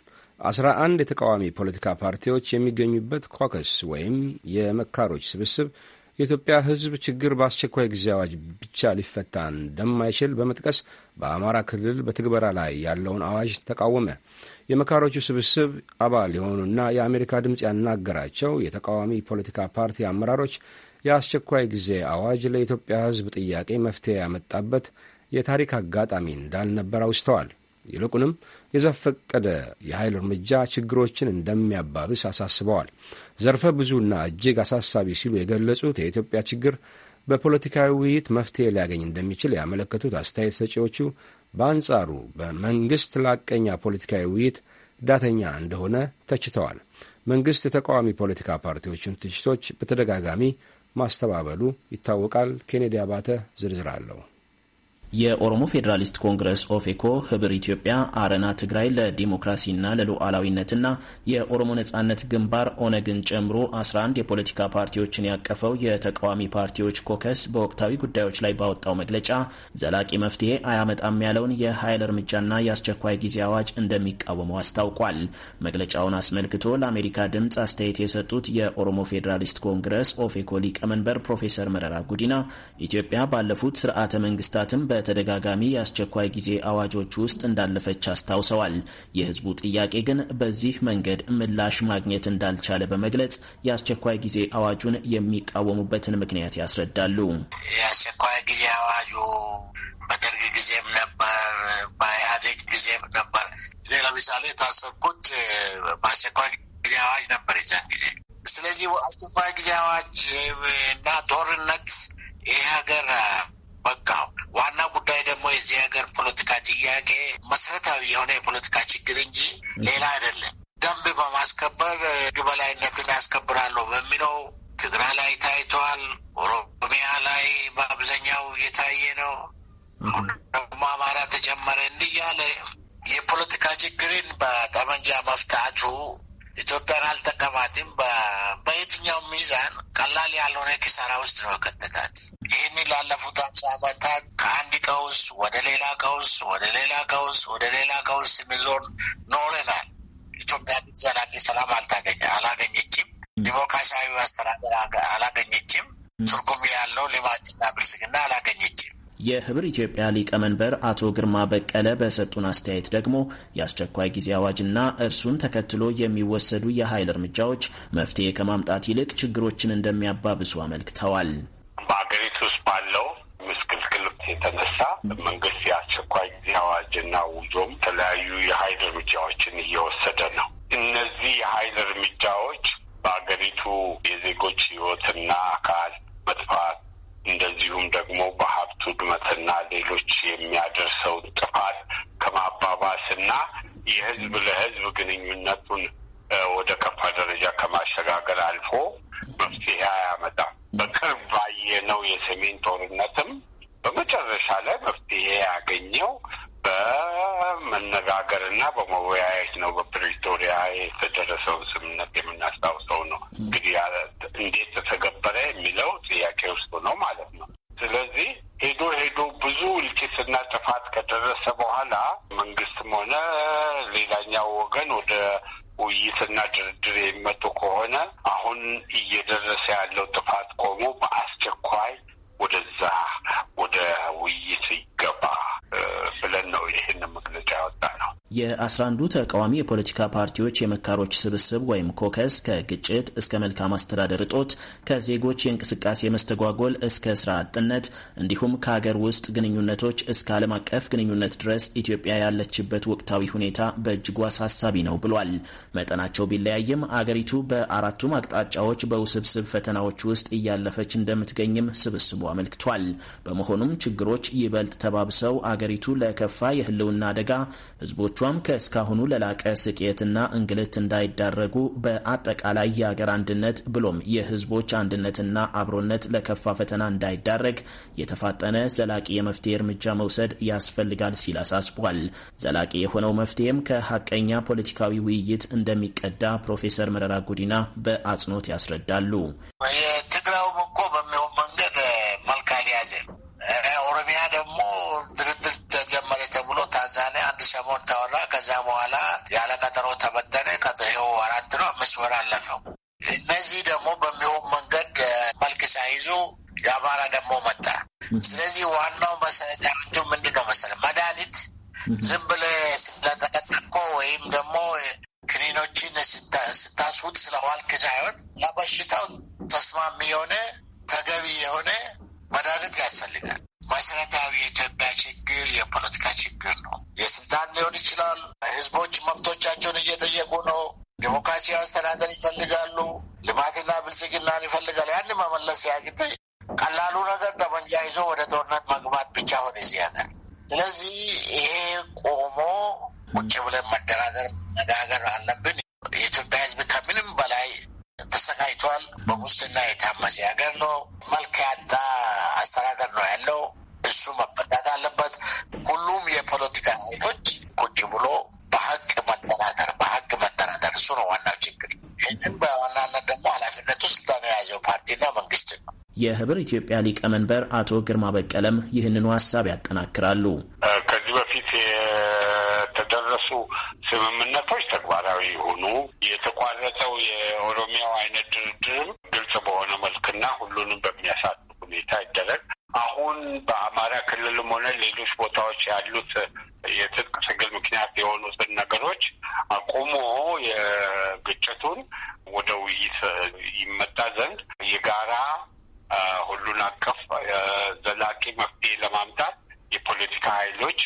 አስራ አንድ የተቃዋሚ ፖለቲካ ፓርቲዎች የሚገኙበት ኳከስ ወይም የመካሮች ስብስብ የኢትዮጵያ ሕዝብ ችግር በአስቸኳይ ጊዜ አዋጅ ብቻ ሊፈታ እንደማይችል በመጥቀስ በአማራ ክልል በትግበራ ላይ ያለውን አዋጅ ተቃወመ። የመካሮቹ ስብስብ አባል የሆኑና የአሜሪካ ድምፅ ያናገራቸው የተቃዋሚ ፖለቲካ ፓርቲ አመራሮች የአስቸኳይ ጊዜ አዋጅ ለኢትዮጵያ ሕዝብ ጥያቄ መፍትሄ ያመጣበት የታሪክ አጋጣሚ እንዳልነበር አውስተዋል። ይልቁንም የዘፈቀደ የኃይል እርምጃ ችግሮችን እንደሚያባብስ አሳስበዋል። ዘርፈ ብዙና እጅግ አሳሳቢ ሲሉ የገለጹት የኢትዮጵያ ችግር በፖለቲካዊ ውይይት መፍትሄ ሊያገኝ እንደሚችል ያመለከቱት አስተያየት ሰጪዎቹ በአንጻሩ በመንግሥት ላቀኛ ፖለቲካዊ ውይይት ዳተኛ እንደሆነ ተችተዋል። መንግሥት የተቃዋሚ ፖለቲካ ፓርቲዎችን ትችቶች በተደጋጋሚ ማስተባበሉ ይታወቃል። ኬኔዲ አባተ ዝርዝር አለው። የኦሮሞ ፌዴራሊስት ኮንግረስ ኦፌኮ፣ ህብር ኢትዮጵያ፣ አረና ትግራይ ለዲሞክራሲና ለሉዓላዊነትና የኦሮሞ ነጻነት ግንባር ኦነግን ጨምሮ 11 የፖለቲካ ፓርቲዎችን ያቀፈው የተቃዋሚ ፓርቲዎች ኮከስ በወቅታዊ ጉዳዮች ላይ ባወጣው መግለጫ ዘላቂ መፍትሄ አያመጣም ያለውን የኃይል እርምጃና የአስቸኳይ ጊዜ አዋጅ እንደሚቃወመው አስታውቋል። መግለጫውን አስመልክቶ ለአሜሪካ ድምፅ አስተያየት የሰጡት የኦሮሞ ፌዴራሊስት ኮንግረስ ኦፌኮ ሊቀመንበር ፕሮፌሰር መረራ ጉዲና ኢትዮጵያ ባለፉት ስርዓተ መንግስታትም በ በተደጋጋሚ የአስቸኳይ ጊዜ አዋጆች ውስጥ እንዳለፈች አስታውሰዋል። የህዝቡ ጥያቄ ግን በዚህ መንገድ ምላሽ ማግኘት እንዳልቻለ በመግለጽ የአስቸኳይ ጊዜ አዋጁን የሚቃወሙበትን ምክንያት ያስረዳሉ። የአስቸኳይ ጊዜ አዋጁ በደርግ ጊዜም ነበር፣ በኢህአዴግ ጊዜም ነበር። እኔ ለምሳሌ የታሰብኩት በአስቸኳይ ጊዜ አዋጅ ነበር የዚያን ጊዜ። ስለዚህ አስቸኳይ ጊዜ አዋጅ እና ጦርነት ይህ ሀገር በቃ ዋና ጉዳይ ደግሞ የዚህ ሀገር ፖለቲካ ጥያቄ መሰረታዊ የሆነ የፖለቲካ ችግር እንጂ ሌላ አይደለም። ደንብ በማስከበር ግበላይነትን ያስከብራሉ ያስከብራለሁ በሚለው ትግራይ ላይ ታይቷል። ኦሮሚያ ላይ በአብዛኛው እየታየ ነው። ደግሞ አማራ ተጀመረ እንዲያለ የፖለቲካ ችግርን በጠመንጃ መፍታቱ ኢትዮጵያን አልጠቀማትም። በየትኛው ሚዛን ቀላል ያልሆነ ኪሳራ ውስጥ ነው ከተታት። ይህን ላለፉት አምሳ ዓመታት ከአንድ ቀውስ ወደ ሌላ ቀውስ ወደ ሌላ ቀውስ ወደ ሌላ ቀውስ የሚዞር ኖረናል። ኢትዮጵያ ዘላቂ ሰላም አላገኘችም። ዲሞክራሲያዊ አስተዳደር አላገኘችም። ትርጉም ያለው ልማትና ብልጽግና አላገኘችም። የህብር ኢትዮጵያ ሊቀመንበር አቶ ግርማ በቀለ በሰጡን አስተያየት ደግሞ የአስቸኳይ ጊዜ አዋጅና እርሱን ተከትሎ የሚወሰዱ የኃይል እርምጃዎች መፍትሄ ከማምጣት ይልቅ ችግሮችን እንደሚያባብሱ አመልክተዋል። በአገሪቱ ውስጥ ባለው ምስቅልቅል የተነሳ መንግስት የአስቸኳይ ጊዜ አዋጅና ውሎም የተለያዩ የኃይል እርምጃዎችን እየወሰደ ነው። እነዚህ የኃይል እርምጃዎች በአገሪቱ የዜጎች ህይወትና አካል መጥፋት እንደዚሁም ደግሞ በሀብቱ ውድመትና ሌሎች የሚያደርሰው ጥፋት ከማባባስና የህዝብ ለህዝብ ግንኙነቱን ወደ ከፋ ደረጃ ከማሸጋገር አልፎ መፍትሄ አያመጣም። በቅርብ ባየነው የሰሜን ጦርነትም በመጨረሻ ላይ መፍትሄ ያገኘው በመነጋገርና በመወያየት ነው። በፕሪቶሪያ የተደረሰውን ስምምነት የምናስታውሰው ነው። እንግዲህ እንዴት ተተገበረ የሚለው ጥያቄ ውስጥ ነው ማለት ነው። ስለዚህ ሄዶ ሄዶ ብዙ እልቂትና ጥፋት ከደረሰ በኋላ መንግስትም ሆነ ሌላኛው ወገን ወደ ውይይትና ድርድር የሚመጡ ከሆነ አሁን እየደረሰ ያለው ጥፋት ቆሞ በአስቸኳይ ወደዛ ወደ ውይይት ይገባ ብለን ነው ይህን መግለጫ ያወጣ ነው። የ 11 ተቃዋሚ የፖለቲካ ፓርቲዎች የመካሮች ስብስብ ወይም ኮከስ ከግጭት እስከ መልካም አስተዳደር እጦት፣ ከዜጎች የእንቅስቃሴ መስተጓጎል እስከ ስራ አጥነት እንዲሁም ከሀገር ውስጥ ግንኙነቶች እስከ ዓለም አቀፍ ግንኙነት ድረስ ኢትዮጵያ ያለችበት ወቅታዊ ሁኔታ በእጅጉ አሳሳቢ ነው ብሏል። መጠናቸው ቢለያይም አገሪቱ በአራቱም አቅጣጫዎች በውስብስብ ፈተናዎች ውስጥ እያለፈች እንደምትገኝም ስብስቡ አመልክቷል። በመሆኑም ችግሮች ይበልጥ ተባብሰው አገሪቱ ለከፋ የህልውና አደጋ ህዝቦቿ እሷም ከእስካሁኑ ለላቀ ስቅየትና እንግልት እንዳይዳረጉ በአጠቃላይ የአገር አንድነት ብሎም የህዝቦች አንድነትና አብሮነት ለከፋ ፈተና እንዳይዳረግ የተፋጠነ ዘላቂ የመፍትሄ እርምጃ መውሰድ ያስፈልጋል ሲል አሳስቧል። ዘላቂ የሆነው መፍትሄም ከሀቀኛ ፖለቲካዊ ውይይት እንደሚቀዳ ፕሮፌሰር መረራ ጉዲና በአጽንኦት ያስረዳሉ። የትግራውም እኮ በሚሆን መንገድ መልክ አልያዘም። ኦሮሚያ ደግሞ ድርድር እዛ አንድ ሰሞን ተወራ። ከዚያ በኋላ ያለ ቀጠሮ ተበተነ። ይኸው አራት ነው አምስት ወር አለፈው። እነዚህ ደግሞ በሚሆን መንገድ መልክ ሳይዙ የአማራ ደግሞ መጣ። ስለዚህ ዋናው መሰረታዊቱ ምንድን ነው መሰለ መድኃኒት ዝም ብለ ስለተቀጠቆ ወይም ደግሞ ክኒኖችን ስታስውጥ ስለዋልክ ሳይሆን ለበሽታው ተስማሚ የሆነ ተገቢ የሆነ መድኃኒት ያስፈልጋል። መሰረታዊ የኢትዮጵያ ችግር የፖለቲካ ችግር ነው። የስልጣን ሊሆን ይችላል። ህዝቦች መብቶቻቸውን እየጠየቁ ነው። ዴሞክራሲያዊ አስተዳደር ይፈልጋሉ። ልማትና ብልጽግናን ይፈልጋል። ያን መመለስ ያግጥ ቀላሉ ነገር ጠመንጃ ይዞ ወደ ጦርነት መግባት ብቻ ሆነ እዚህ ስለዚህ ይሄ ቆሞ ውጭ ብለን መደራደር መነጋገር አለብን። የኢትዮጵያ ህዝብ ከምንም በላይ ተሰቃይቷል። በሙስና የታመሰ ሀገር ነው። መልክ ያጣ አስተዳደር ነው ያለው። እሱ መፈታት አለበት። ሁሉም የፖለቲካ ኃይሎች ቁጭ ብሎ በሀቅ መጠናከር በሀቅ መጠናከር እሱ ነው ዋናው ችግር። ይህንን በዋናነት ደግሞ ኃላፊነቱ ስልጣን የያዘው ፓርቲና መንግስት ነው። የህብር ኢትዮጵያ ሊቀመንበር አቶ ግርማ በቀለም ይህንኑ ሀሳብ ያጠናክራሉ። ከዚህ በፊት የተደረሱ ስምምነቶች ተግባራዊ የሆኑ የተቋረጠው የኦሮሚያው አይነት ድርድርም ግልጽ በሆነ መልክና ሁሉንም በሚያሳትፍ ሁኔታ ይደረግ። አሁን በአማራ ክልልም ሆነ ሌሎች ቦታዎች ያሉት የትጥቅ ትግል ምክንያት የሆኑትን ነገሮች አቁሞ የግጭቱን ወደ ውይይት ይመጣ ዘንድ የጋራ ሁሉን አቀፍ ዘላቂ መፍትሄ ለማምጣት የፖለቲካ ኃይሎች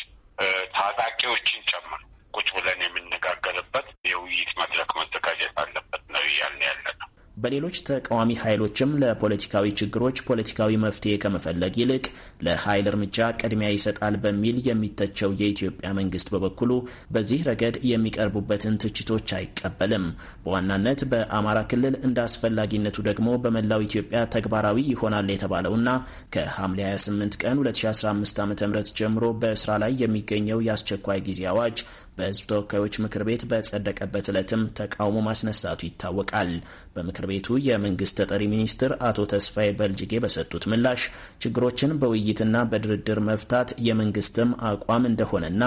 ታጣቂዎችን ጨምሮ ቁጭ ብለን የምነጋገርበት የውይይት መድረክ መዘጋጀት አለበት ነው እያልን ያለ ነው። በሌሎች ተቃዋሚ ኃይሎችም ለፖለቲካዊ ችግሮች ፖለቲካዊ መፍትሄ ከመፈለግ ይልቅ ለኃይል እርምጃ ቅድሚያ ይሰጣል በሚል የሚተቸው የኢትዮጵያ መንግስት በበኩሉ በዚህ ረገድ የሚቀርቡበትን ትችቶች አይቀበልም። በዋናነት በአማራ ክልል እንደ አስፈላጊነቱ ደግሞ በመላው ኢትዮጵያ ተግባራዊ ይሆናል የተባለውና ከሐምሌ 28 ቀን 2015 ዓ ም ጀምሮ በስራ ላይ የሚገኘው የአስቸኳይ ጊዜ አዋጅ በህዝብ ተወካዮች ምክር ቤት በጸደቀበት ዕለትም ተቃውሞ ማስነሳቱ ይታወቃል። በምክር ቤቱ የመንግስት ተጠሪ ሚኒስትር አቶ ተስፋዬ በልጅጌ በሰጡት ምላሽ ችግሮችን በውይይትና በድርድር መፍታት የመንግስትም አቋም እንደሆነና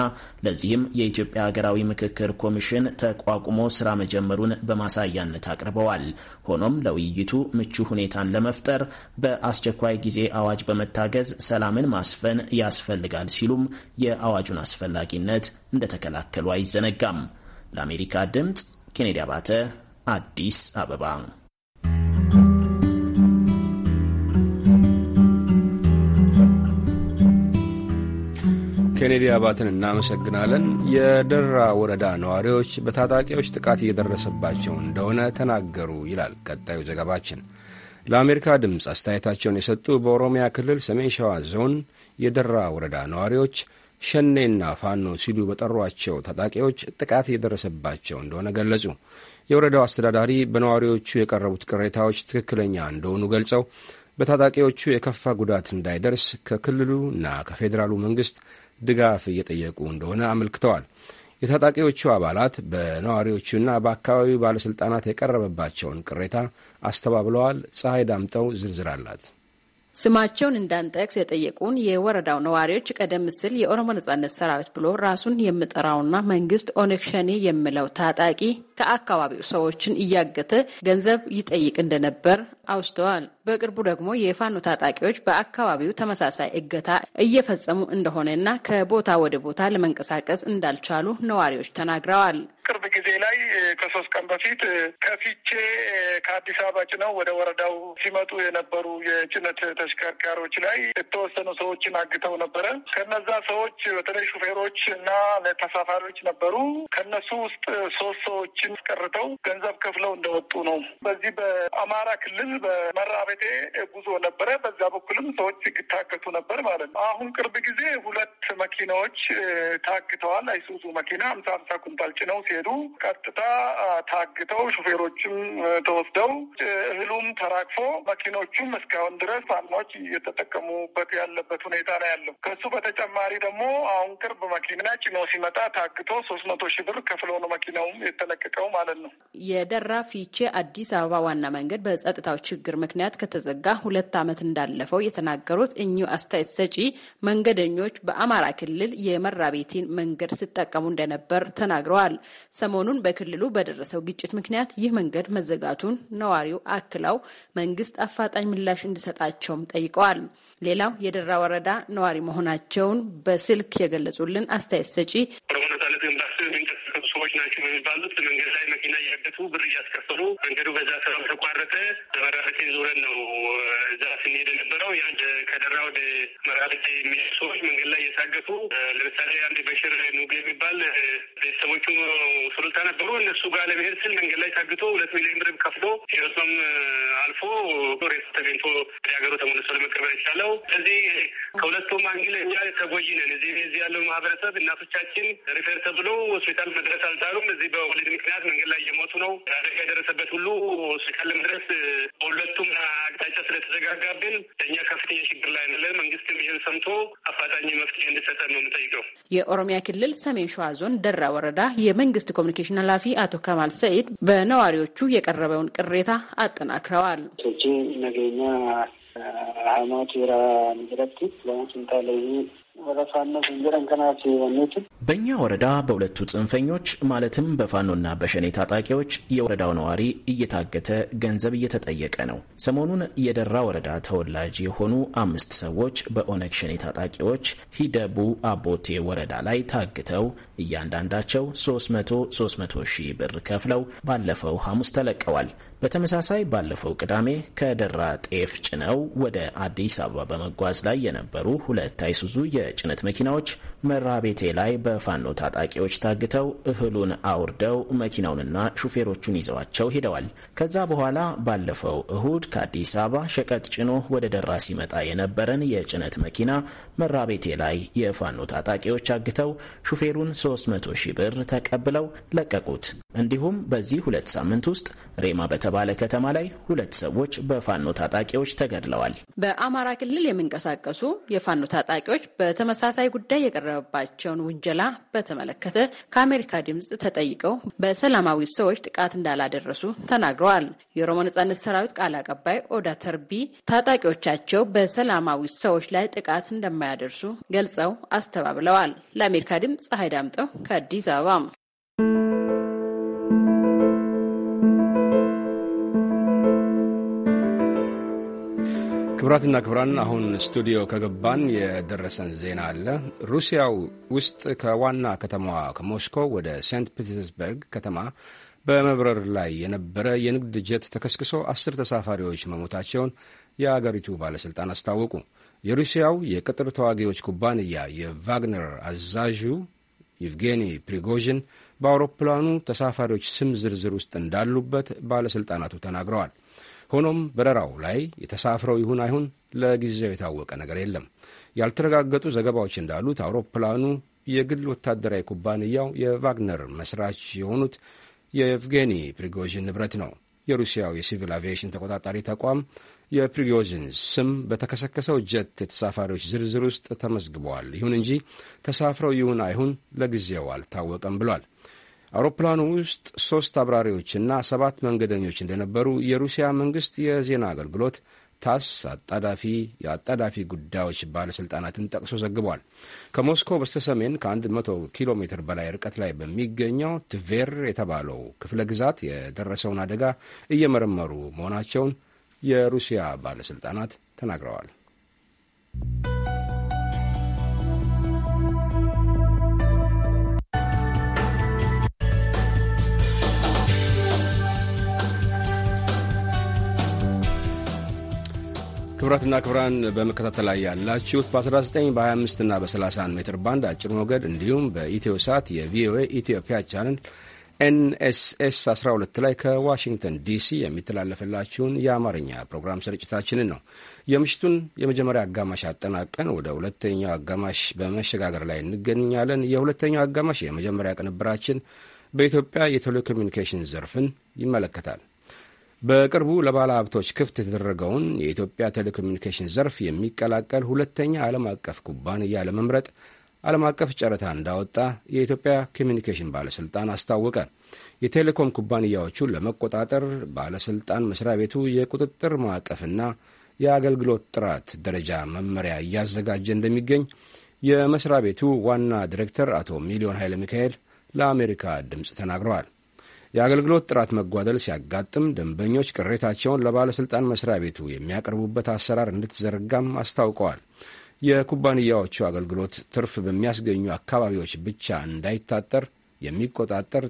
ለዚህም የኢትዮጵያ ሀገራዊ ምክክር ኮሚሽን ተቋቁሞ ስራ መጀመሩን በማሳያነት አቅርበዋል። ሆኖም ለውይይቱ ምቹ ሁኔታን ለመፍጠር በአስቸኳይ ጊዜ አዋጅ በመታገዝ ሰላምን ማስፈን ያስፈልጋል ሲሉም የአዋጁን አስፈላጊነት እንደተከላከሉ አይዘነጋም። ለአሜሪካ ድምፅ ኬኔዲ አባተ አዲስ አበባ። ኬኔዲ አባትን እናመሰግናለን። የደራ ወረዳ ነዋሪዎች በታጣቂዎች ጥቃት እየደረሰባቸው እንደሆነ ተናገሩ ይላል ቀጣዩ ዘገባችን። ለአሜሪካ ድምፅ አስተያየታቸውን የሰጡ በኦሮሚያ ክልል ሰሜን ሸዋ ዞን የደራ ወረዳ ነዋሪዎች ሸኔና ፋኖ ሲሉ በጠሯቸው ታጣቂዎች ጥቃት እየደረሰባቸው እንደሆነ ገለጹ። የወረዳው አስተዳዳሪ በነዋሪዎቹ የቀረቡት ቅሬታዎች ትክክለኛ እንደሆኑ ገልጸው በታጣቂዎቹ የከፋ ጉዳት እንዳይደርስ ከክልሉና ከፌዴራሉ መንግስት ድጋፍ እየጠየቁ እንደሆነ አመልክተዋል። የታጣቂዎቹ አባላት በነዋሪዎቹና በአካባቢው ባለሥልጣናት የቀረበባቸውን ቅሬታ አስተባብለዋል። ፀሐይ ዳምጠው ዝርዝር አላት። ስማቸውን እንዳንጠቅስ የጠየቁን የወረዳው ነዋሪዎች ቀደም ሲል የኦሮሞ ነጻነት ሰራዊት ብሎ ራሱን የምጠራውና መንግስት ኦነግ ሸኔ የሚለው ታጣቂ ከአካባቢው ሰዎችን እያገተ ገንዘብ ይጠይቅ እንደነበር አውስተዋል። በቅርቡ ደግሞ የፋኖ ታጣቂዎች በአካባቢው ተመሳሳይ እገታ እየፈጸሙ እንደሆነና ከቦታ ወደ ቦታ ለመንቀሳቀስ እንዳልቻሉ ነዋሪዎች ተናግረዋል። ቅርብ ጊዜ ላይ ከሶስት ቀን በፊት ከፊቼ ከአዲስ አበባ ጭነው ወደ ወረዳው ሲመጡ የነበሩ የጭነት ተሽከርካሪዎች ላይ የተወሰኑ ሰዎችን አግተው ነበረ። ከነዛ ሰዎች በተለይ ሹፌሮች እና ተሳፋሪዎች ነበሩ። ከነሱ ውስጥ ሶስት ሰዎችን አስቀርተው ገንዘብ ከፍለው እንደወጡ ነው። በዚህ በአማራ ክልል በመራቤቴ ጉዞ ነበረ። በዛ በኩልም ሰዎች ይታገቱ ነበር ማለት ነው። አሁን ቅርብ ጊዜ ሁለት መኪናዎች ታግተዋል። አይሱዙ መኪና አምሳ አምሳ ኩንታል ጭነው ሲሄዱ ቀጥታ ታግተው ሹፌሮችም ተወስደው እህሉም ተራግፎ መኪኖቹም እስካሁን ድረስ ፋኖች እየተጠቀሙበት ያለበት ሁኔታ ነው ያለው። ከሱ በተጨማሪ ደግሞ አሁን ቅርብ መኪና ጭኖ ሲመጣ ታግቶ ሶስት መቶ ሺህ ብር ከፍሎ ነው መኪናውም የተለቀቀው ማለት ነው። የደራ ፊቼ አዲስ አበባ ዋና መንገድ በጸጥታው ችግር ምክንያት ከተዘጋ ሁለት ዓመት እንዳለፈው የተናገሩት እኚሁ አስተያየት ሰጪ መንገደኞች በአማራ ክልል የመራቤቴን መንገድ ሲጠቀሙ እንደነበር ተናግረዋል። ሰሞኑን በክልሉ በደረሰው ግጭት ምክንያት ይህ መንገድ መዘጋቱን ነዋሪው አክለው መንግስት አፋጣኝ ምላሽ እንዲሰጣቸውም ጠይቀዋል። ሌላው የደራ ወረዳ ነዋሪ መሆናቸውን በስልክ የገለጹልን አስተያየት ሰጪ ሰዎች ናቸው በሚባሉት መንገድ ላይ መኪና እያገቱ ብር እያስከፈሉ መንገዱ በዛ ስራ ተቋረጠ። በመራርቴ ዙረን ነው እዛ ስንሄድ የነበረው። የአንድ ከደራ ወደ መራፍቴ የሚሄዱ ሰዎች መንገድ ላይ እየታገቱ ለምሳሌ አንድ በሽር ኑግ የሚባል ቤተሰቦቹ ሱሉልታ ነበሩ። እነሱ ጋር ለመሄድ ስል መንገድ ላይ ታግቶ ሁለት ሚሊዮን ብር ከፍሎ ሕይወቱም አልፎ ሬሱ ተገኝቶ ወደ ሀገሩ ተመልሶ ለመቀበር የቻለው እዚህ ከሁለቱም አንግል ተጎጂ ነን። እዚህ እዚህ ያለው ማህበረሰብ እናቶቻችን ሪፌር ተብሎ ሆስፒታል መድረስ አልቻሉም። እዚህ በወሊድ ምክንያት መንገድ ላይ እየሞቱ ነው። አደጋ የደረሰበት ሁሉ ሆስፒታል ለመድረስ በሁለቱም አቅጣጫ ስለተዘጋጋብን እኛ ከፍተኛ ችግር ላይ ያለን፣ መንግስትም ይህን ሰምቶ አፋጣኝ መፍትሄ እንዲሰጠን ነው የምጠይቀው። የኦሮሚያ ክልል ሰሜን ሸዋ ዞን ደራ ወረዳ የመንግስት ኮሚኒኬሽን ኃላፊ አቶ ከማል ሰኢድ በነዋሪዎቹ የቀረበውን ቅሬታ አጠናክረዋል። Haamaa toora irratti lama quntaalaa በእኛ ወረዳ በሁለቱ ጽንፈኞች ማለትም በፋኖና በሸኔ ታጣቂዎች የወረዳው ነዋሪ እየታገተ ገንዘብ እየተጠየቀ ነው። ሰሞኑን የደራ ወረዳ ተወላጅ የሆኑ አምስት ሰዎች በኦነግ ሸኔ ታጣቂዎች ሂደቡ አቦቴ ወረዳ ላይ ታግተው እያንዳንዳቸው 300 300 ሺህ ብር ከፍለው ባለፈው ሐሙስ ተለቀዋል። በተመሳሳይ ባለፈው ቅዳሜ ከደራ ጤፍ ጭነው ወደ አዲስ አበባ በመጓዝ ላይ የነበሩ ሁለት አይሱዙ የ የጭነት መኪናዎች መራቤቴ ላይ በፋኖ ታጣቂዎች ታግተው እህሉን አውርደው መኪናውንና ሹፌሮቹን ይዘዋቸው ሄደዋል። ከዛ በኋላ ባለፈው እሁድ ከአዲስ አበባ ሸቀጥ ጭኖ ወደ ደራ ሲመጣ የነበረን የጭነት መኪና መራቤቴ ላይ የፋኖ ታጣቂዎች አግተው ሹፌሩን 300 ብር ተቀብለው ለቀቁት። እንዲሁም በዚህ ሁለት ሳምንት ውስጥ ሬማ በተባለ ከተማ ላይ ሁለት ሰዎች በፋኖ ታጣቂዎች ተገድለዋል። በአማራ ክልል የሚንቀሳቀሱ የፋኖ ታጣቂዎች በ በተመሳሳይ ጉዳይ የቀረበባቸውን ውንጀላ በተመለከተ ከአሜሪካ ድምፅ ተጠይቀው በሰላማዊ ሰዎች ጥቃት እንዳላደረሱ ተናግረዋል። የኦሮሞ ነጻነት ሰራዊት ቃል አቀባይ ኦዳ ተርቢ ታጣቂዎቻቸው በሰላማዊ ሰዎች ላይ ጥቃት እንደማያደርሱ ገልጸው አስተባብለዋል። ለአሜሪካ ድምፅ ፀሐይ ዳምጠው ከአዲስ አበባ ክቡራትና ክቡራን አሁን ስቱዲዮ ከገባን የደረሰን ዜና አለ። ሩሲያ ውስጥ ከዋና ከተማዋ ከሞስኮ ወደ ሴንት ፒተርስበርግ ከተማ በመብረር ላይ የነበረ የንግድ ጀት ተከስክሶ አስር ተሳፋሪዎች መሞታቸውን የአገሪቱ ባለሥልጣን አስታወቁ። የሩሲያው የቅጥር ተዋጊዎች ኩባንያ የቫግነር አዛዡ ኢቭጌኒ ፕሪጎዥን በአውሮፕላኑ ተሳፋሪዎች ስም ዝርዝር ውስጥ እንዳሉበት ባለሥልጣናቱ ተናግረዋል። ሆኖም በረራው ላይ የተሳፍረው ይሁን አይሁን ለጊዜው የታወቀ ነገር የለም። ያልተረጋገጡ ዘገባዎች እንዳሉት አውሮፕላኑ የግል ወታደራዊ ኩባንያው የቫግነር መስራች የሆኑት የኤቭጌኒ ፕሪጎዥን ንብረት ነው። የሩሲያው የሲቪል አቪዬሽን ተቆጣጣሪ ተቋም የፕሪጎዥን ስም በተከሰከሰው ጀት የተሳፋሪዎች ዝርዝር ውስጥ ተመዝግበዋል። ይሁን እንጂ ተሳፍረው ይሁን አይሁን ለጊዜው አልታወቀም ብሏል። አውሮፕላኑ ውስጥ ሦስት አብራሪዎችና ሰባት መንገደኞች እንደነበሩ የሩሲያ መንግሥት የዜና አገልግሎት ታስ አጣዳፊ የአጣዳፊ ጉዳዮች ባለሥልጣናትን ጠቅሶ ዘግቧል። ከሞስኮ በስተሰሜን ከ100 ኪሎ ሜትር በላይ ርቀት ላይ በሚገኘው ትቬር የተባለው ክፍለ ግዛት የደረሰውን አደጋ እየመረመሩ መሆናቸውን የሩሲያ ባለሥልጣናት ተናግረዋል። ክቡራትና ክቡራን በመከታተል ላይ ያላችሁት በ19 በ25 እና በ31 ሜትር ባንድ አጭር ሞገድ እንዲሁም በኢትዮ ሳት የቪኦኤ ኢትዮጵያ ቻነል ኤንኤስኤስ 12 ላይ ከዋሽንግተን ዲሲ የሚተላለፍላችሁን የአማርኛ ፕሮግራም ስርጭታችንን ነው። የምሽቱን የመጀመሪያ አጋማሽ አጠናቀን ወደ ሁለተኛው አጋማሽ በመሸጋገር ላይ እንገኛለን። የሁለተኛው አጋማሽ የመጀመሪያ ቅንብራችን በኢትዮጵያ የቴሌኮሚኒኬሽን ዘርፍን ይመለከታል። በቅርቡ ለባለ ሀብቶች ክፍት የተደረገውን የኢትዮጵያ ቴሌኮሚኒኬሽን ዘርፍ የሚቀላቀል ሁለተኛ ዓለም አቀፍ ኩባንያ ለመምረጥ ዓለም አቀፍ ጨረታ እንዳወጣ የኢትዮጵያ ኮሚኒኬሽን ባለሥልጣን አስታወቀ። የቴሌኮም ኩባንያዎቹን ለመቆጣጠር ባለሥልጣን መስሪያ ቤቱ የቁጥጥር ማዕቀፍና የአገልግሎት ጥራት ደረጃ መመሪያ እያዘጋጀ እንደሚገኝ የመስሪያ ቤቱ ዋና ዲሬክተር አቶ ሚሊዮን ኃይለ ሚካኤል ለአሜሪካ ድምፅ ተናግረዋል። የአገልግሎት ጥራት መጓደል ሲያጋጥም ደንበኞች ቅሬታቸውን ለባለሥልጣን መስሪያ ቤቱ የሚያቀርቡበት አሰራር እንድትዘረጋም አስታውቀዋል። የኩባንያዎቹ አገልግሎት ትርፍ በሚያስገኙ አካባቢዎች ብቻ እንዳይታጠር የሚቆጣጠር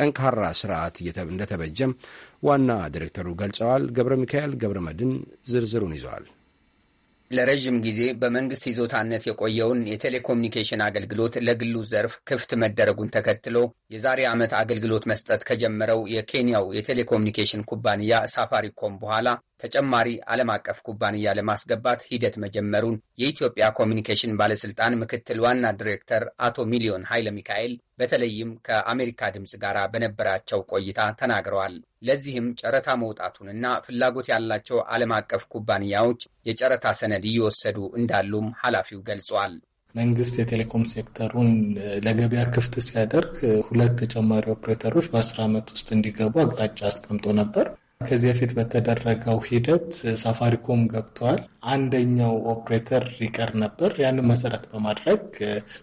ጠንካራ ስርዓት እንደተበጀም ዋና ዲሬክተሩ ገልጸዋል። ገብረ ሚካኤል ገብረ መድን ዝርዝሩን ይዘዋል። ለረዥም ጊዜ በመንግስት ይዞታነት የቆየውን የቴሌኮሙኒኬሽን አገልግሎት ለግሉ ዘርፍ ክፍት መደረጉን ተከትሎ የዛሬ ዓመት አገልግሎት መስጠት ከጀመረው የኬንያው የቴሌኮሙኒኬሽን ኩባንያ ሳፋሪኮም በኋላ ተጨማሪ ዓለም አቀፍ ኩባንያ ለማስገባት ሂደት መጀመሩን የኢትዮጵያ ኮሚኒኬሽን ባለስልጣን ምክትል ዋና ዲሬክተር አቶ ሚሊዮን ኃይለ ሚካኤል በተለይም ከአሜሪካ ድምፅ ጋር በነበራቸው ቆይታ ተናግረዋል። ለዚህም ጨረታ መውጣቱንና ፍላጎት ያላቸው ዓለም አቀፍ ኩባንያዎች የጨረታ ሰነድ እየወሰዱ እንዳሉም ኃላፊው ገልጿል። መንግስት የቴሌኮም ሴክተሩን ለገበያ ክፍት ሲያደርግ ሁለት ተጨማሪ ኦፕሬተሮች በአስር ዓመት ውስጥ እንዲገቡ አቅጣጫ አስቀምጦ ነበር። ከዚህ በፊት በተደረገው ሂደት ሳፋሪኮም ገብተዋል። አንደኛው ኦፕሬተር ይቀር ነበር። ያንን መሰረት በማድረግ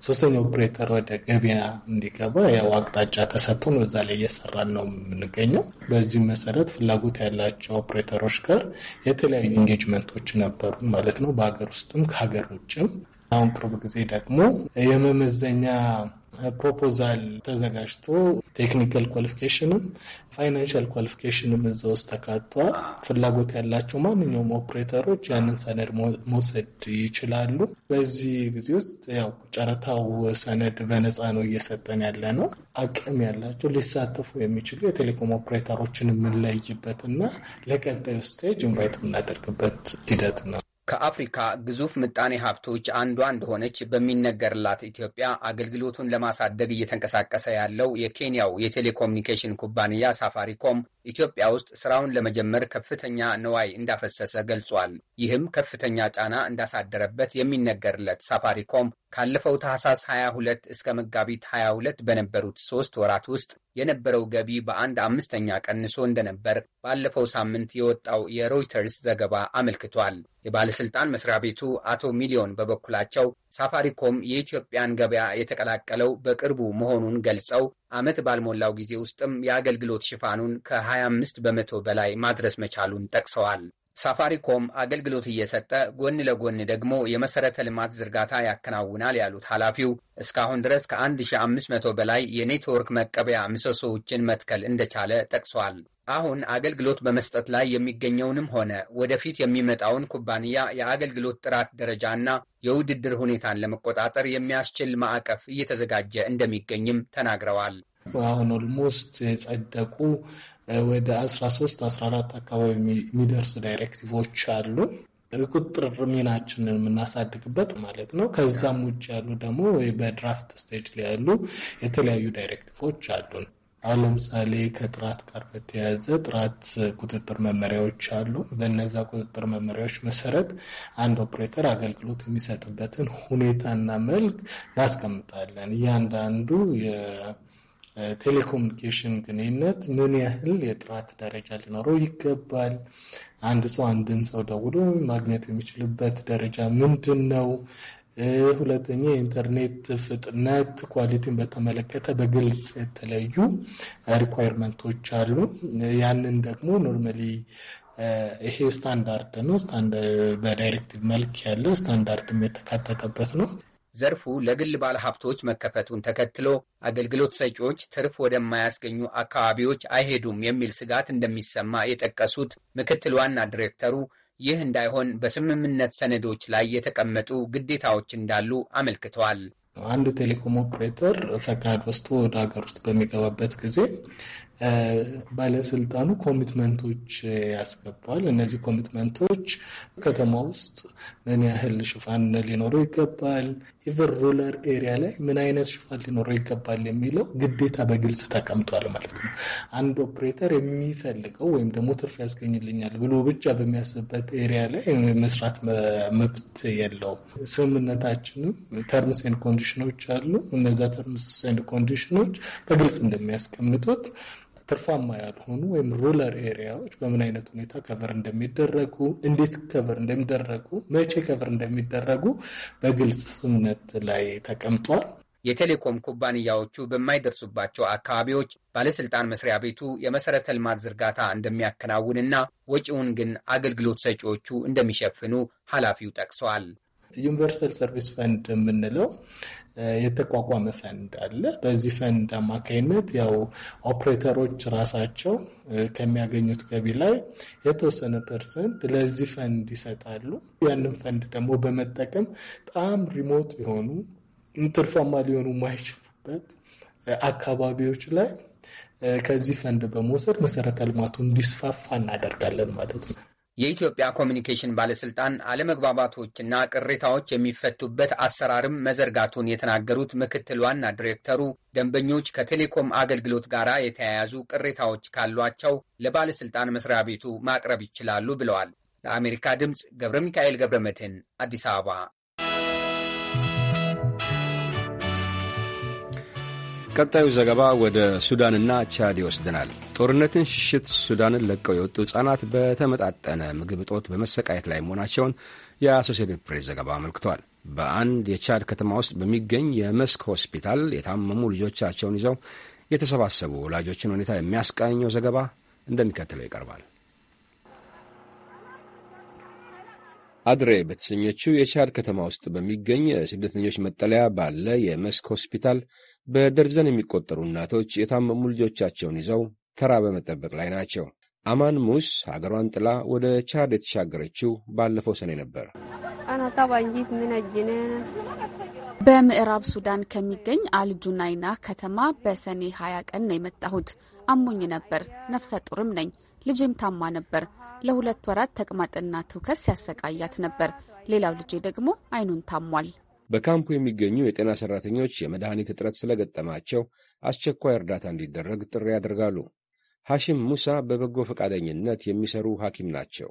ሶስተኛው ኦፕሬተር ወደ ገበያ እንዲገባ ያው አቅጣጫ ተሰጥቶን እዛ ላይ እየሰራን ነው የምንገኘው። በዚህ መሰረት ፍላጎት ያላቸው ኦፕሬተሮች ጋር የተለያዩ ኢንጌጅመንቶች ነበሩ ማለት ነው፣ በሀገር ውስጥም ከሀገር ውጭም። አሁን ቅርብ ጊዜ ደግሞ የመመዘኛ ፕሮፖዛል ተዘጋጅቶ ቴክኒካል ኳሊፊኬሽንም ፋይናንሻል ኳሊፊኬሽንም እዛ ውስጥ ተካቷል። ፍላጎት ያላቸው ማንኛውም ኦፕሬተሮች ያንን ሰነድ መውሰድ ይችላሉ። በዚህ ጊዜ ውስጥ ያው ጨረታው ሰነድ በነፃ ነው እየሰጠን ያለ ነው። አቅም ያላቸው ሊሳተፉ የሚችሉ የቴሌኮም ኦፕሬተሮችን የምንለይበት እና ለቀጣዩ ስቴጅ ኢንቫይት የምናደርግበት ሂደት ነው። ከአፍሪካ ግዙፍ ምጣኔ ሀብቶች አንዷ እንደሆነች በሚነገርላት ኢትዮጵያ አገልግሎቱን ለማሳደግ እየተንቀሳቀሰ ያለው የኬንያው የቴሌኮሙኒኬሽን ኩባንያ ሳፋሪኮም ኢትዮጵያ ውስጥ ስራውን ለመጀመር ከፍተኛ ንዋይ እንዳፈሰሰ ገልጿል። ይህም ከፍተኛ ጫና እንዳሳደረበት የሚነገርለት ሳፋሪኮም ካለፈው ታህሳስ 22 እስከ መጋቢት 22 በነበሩት ሦስት ወራት ውስጥ የነበረው ገቢ በአንድ አምስተኛ ቀንሶ እንደነበር ባለፈው ሳምንት የወጣው የሮይተርስ ዘገባ አመልክቷል። የባለሥልጣን መስሪያ ቤቱ አቶ ሚሊዮን በበኩላቸው ሳፋሪኮም የኢትዮጵያን ገበያ የተቀላቀለው በቅርቡ መሆኑን ገልጸው ዓመት ባልሞላው ጊዜ ውስጥም የአገልግሎት ሽፋኑን ከ25 በመቶ በላይ ማድረስ መቻሉን ጠቅሰዋል። ሳፋሪኮም አገልግሎት እየሰጠ ጎን ለጎን ደግሞ የመሰረተ ልማት ዝርጋታ ያከናውናል ያሉት ኃላፊው እስካሁን ድረስ ከ1500 በላይ የኔትወርክ መቀበያ ምሰሶዎችን መትከል እንደቻለ ጠቅሷል። አሁን አገልግሎት በመስጠት ላይ የሚገኘውንም ሆነ ወደፊት የሚመጣውን ኩባንያ የአገልግሎት ጥራት ደረጃና የውድድር ሁኔታን ለመቆጣጠር የሚያስችል ማዕቀፍ እየተዘጋጀ እንደሚገኝም ተናግረዋል። አሁን ኦልሞስት የጸደቁ ወደ 13 14 አካባቢ የሚደርሱ ዳይሬክቲቮች አሉ። ቁጥጥር ሚናችንን የምናሳድግበት ማለት ነው። ከዛም ውጭ ያሉ ደግሞ በድራፍት ስቴጅ ላይ ያሉ የተለያዩ ዳይሬክቲቮች አሉን። አሁን ለምሳሌ ከጥራት ጋር በተያያዘ ጥራት ቁጥጥር መመሪያዎች አሉ። በነዛ ቁጥጥር መመሪያዎች መሰረት አንድ ኦፕሬተር አገልግሎት የሚሰጥበትን ሁኔታና መልክ እናስቀምጣለን። እያንዳንዱ ቴሌኮሙኒኬሽን ግንኙነት ምን ያህል የጥራት ደረጃ ሊኖረው ይገባል? አንድ ሰው አንድን ሰው ደውሎ ማግኘት የሚችልበት ደረጃ ምንድን ነው? ሁለተኛ የኢንተርኔት ፍጥነት ኳሊቲን በተመለከተ በግልጽ የተለዩ ሪኳይርመንቶች አሉ። ያንን ደግሞ ኖርማሊ ይሄ ስታንዳርድ ነው። በዳይሬክቲቭ መልክ ያለ ስታንዳርድም የተካተተበት ነው። ዘርፉ ለግል ባለሀብቶች መከፈቱን ተከትሎ አገልግሎት ሰጪዎች ትርፍ ወደማያስገኙ አካባቢዎች አይሄዱም የሚል ስጋት እንደሚሰማ የጠቀሱት ምክትል ዋና ዲሬክተሩ ይህ እንዳይሆን በስምምነት ሰነዶች ላይ የተቀመጡ ግዴታዎች እንዳሉ አመልክተዋል። አንድ ቴሌኮም ኦፕሬተር ፈቃድ ወስዶ ወደ ሀገር ውስጥ በሚገባበት ጊዜ ባለስልጣኑ ኮሚትመንቶች ያስገባል። እነዚህ ኮሚትመንቶች ከተማ ውስጥ ምን ያህል ሽፋን ሊኖረው ይገባል፣ ኢቨን ሩለር ኤሪያ ላይ ምን አይነት ሽፋን ሊኖረው ይገባል የሚለው ግዴታ በግልጽ ተቀምጧል ማለት ነው። አንድ ኦፕሬተር የሚፈልገው ወይም ደግሞ ትርፍ ያስገኝልኛል ብሎ ብቻ በሚያስብበት ኤሪያ ላይ መስራት መብት የለውም። ስምምነታችንም ተርምስ ኤንድ ኮንዲሽኖች አሉ። እነዛ ተርምስ ኤንድ ኮንዲሽኖች በግልጽ እንደሚያስቀምጡት ትርፋማ ያልሆኑ ወይም ሩለር ኤሪያዎች በምን አይነት ሁኔታ ከቨር እንደሚደረጉ፣ እንዴት ከቨር እንደሚደረጉ፣ መቼ ከቨር እንደሚደረጉ በግልጽ ስምምነት ላይ ተቀምጧል። የቴሌኮም ኩባንያዎቹ በማይደርሱባቸው አካባቢዎች ባለስልጣን መስሪያ ቤቱ የመሰረተ ልማት ዝርጋታ እንደሚያከናውንና ወጪውን ግን አገልግሎት ሰጪዎቹ እንደሚሸፍኑ ኃላፊው ጠቅሰዋል። ዩኒቨርሳል ሰርቪስ ፈንድ የምንለው የተቋቋመ ፈንድ አለ። በዚህ ፈንድ አማካኝነት ያው ኦፕሬተሮች ራሳቸው ከሚያገኙት ገቢ ላይ የተወሰነ ፐርሰንት ለዚህ ፈንድ ይሰጣሉ። ያንም ፈንድ ደግሞ በመጠቀም በጣም ሪሞት የሆኑ ትርፋማ ሊሆኑ የማይችሉበት አካባቢዎች ላይ ከዚህ ፈንድ በመውሰድ መሰረተ ልማቱ እንዲስፋፋ እናደርጋለን ማለት ነው። የኢትዮጵያ ኮሚኒኬሽን ባለስልጣን አለመግባባቶችና ቅሬታዎች የሚፈቱበት አሰራርም መዘርጋቱን የተናገሩት ምክትል ዋና ዲሬክተሩ ደንበኞች ከቴሌኮም አገልግሎት ጋር የተያያዙ ቅሬታዎች ካሏቸው ለባለስልጣን መስሪያ ቤቱ ማቅረብ ይችላሉ ብለዋል። ለአሜሪካ ድምፅ ገብረ ሚካኤል ገብረ መድህን አዲስ አበባ ቀጣዩ ዘገባ ወደ ሱዳንና ቻድ ይወስድናል። ጦርነትን ሽሽት ሱዳንን ለቀው የወጡ ሕጻናት በተመጣጠነ ምግብ እጦት በመሰቃየት ላይ መሆናቸውን የአሶሴትድ ፕሬስ ዘገባ አመልክቷል። በአንድ የቻድ ከተማ ውስጥ በሚገኝ የመስክ ሆስፒታል የታመሙ ልጆቻቸውን ይዘው የተሰባሰቡ ወላጆችን ሁኔታ የሚያስቃኘው ዘገባ እንደሚከተለው ይቀርባል። አድሬ በተሰኘችው የቻድ ከተማ ውስጥ በሚገኝ ስደተኞች መጠለያ ባለ የመስክ ሆስፒታል በደርዘን የሚቆጠሩ እናቶች የታመሙ ልጆቻቸውን ይዘው ተራ በመጠበቅ ላይ ናቸው። አማን ሙስ ሀገሯን ጥላ ወደ ቻድ የተሻገረችው ባለፈው ሰኔ ነበር። በምዕራብ ሱዳን ከሚገኝ አልጁናይና ከተማ በሰኔ 20 ቀን ነው የመጣሁት። አሞኝ ነበር። ነፍሰ ጡርም ነኝ። ልጄም ታማ ነበር። ለሁለት ወራት ተቅማጥና ትውከት ሲያሰቃያት ነበር። ሌላው ልጄ ደግሞ አይኑን ታሟል። በካምፑ የሚገኙ የጤና ሠራተኞች የመድኃኒት እጥረት ስለገጠማቸው አስቸኳይ እርዳታ እንዲደረግ ጥሪ ያደርጋሉ። ሐሽም ሙሳ በበጎ ፈቃደኝነት የሚሰሩ ሐኪም ናቸው።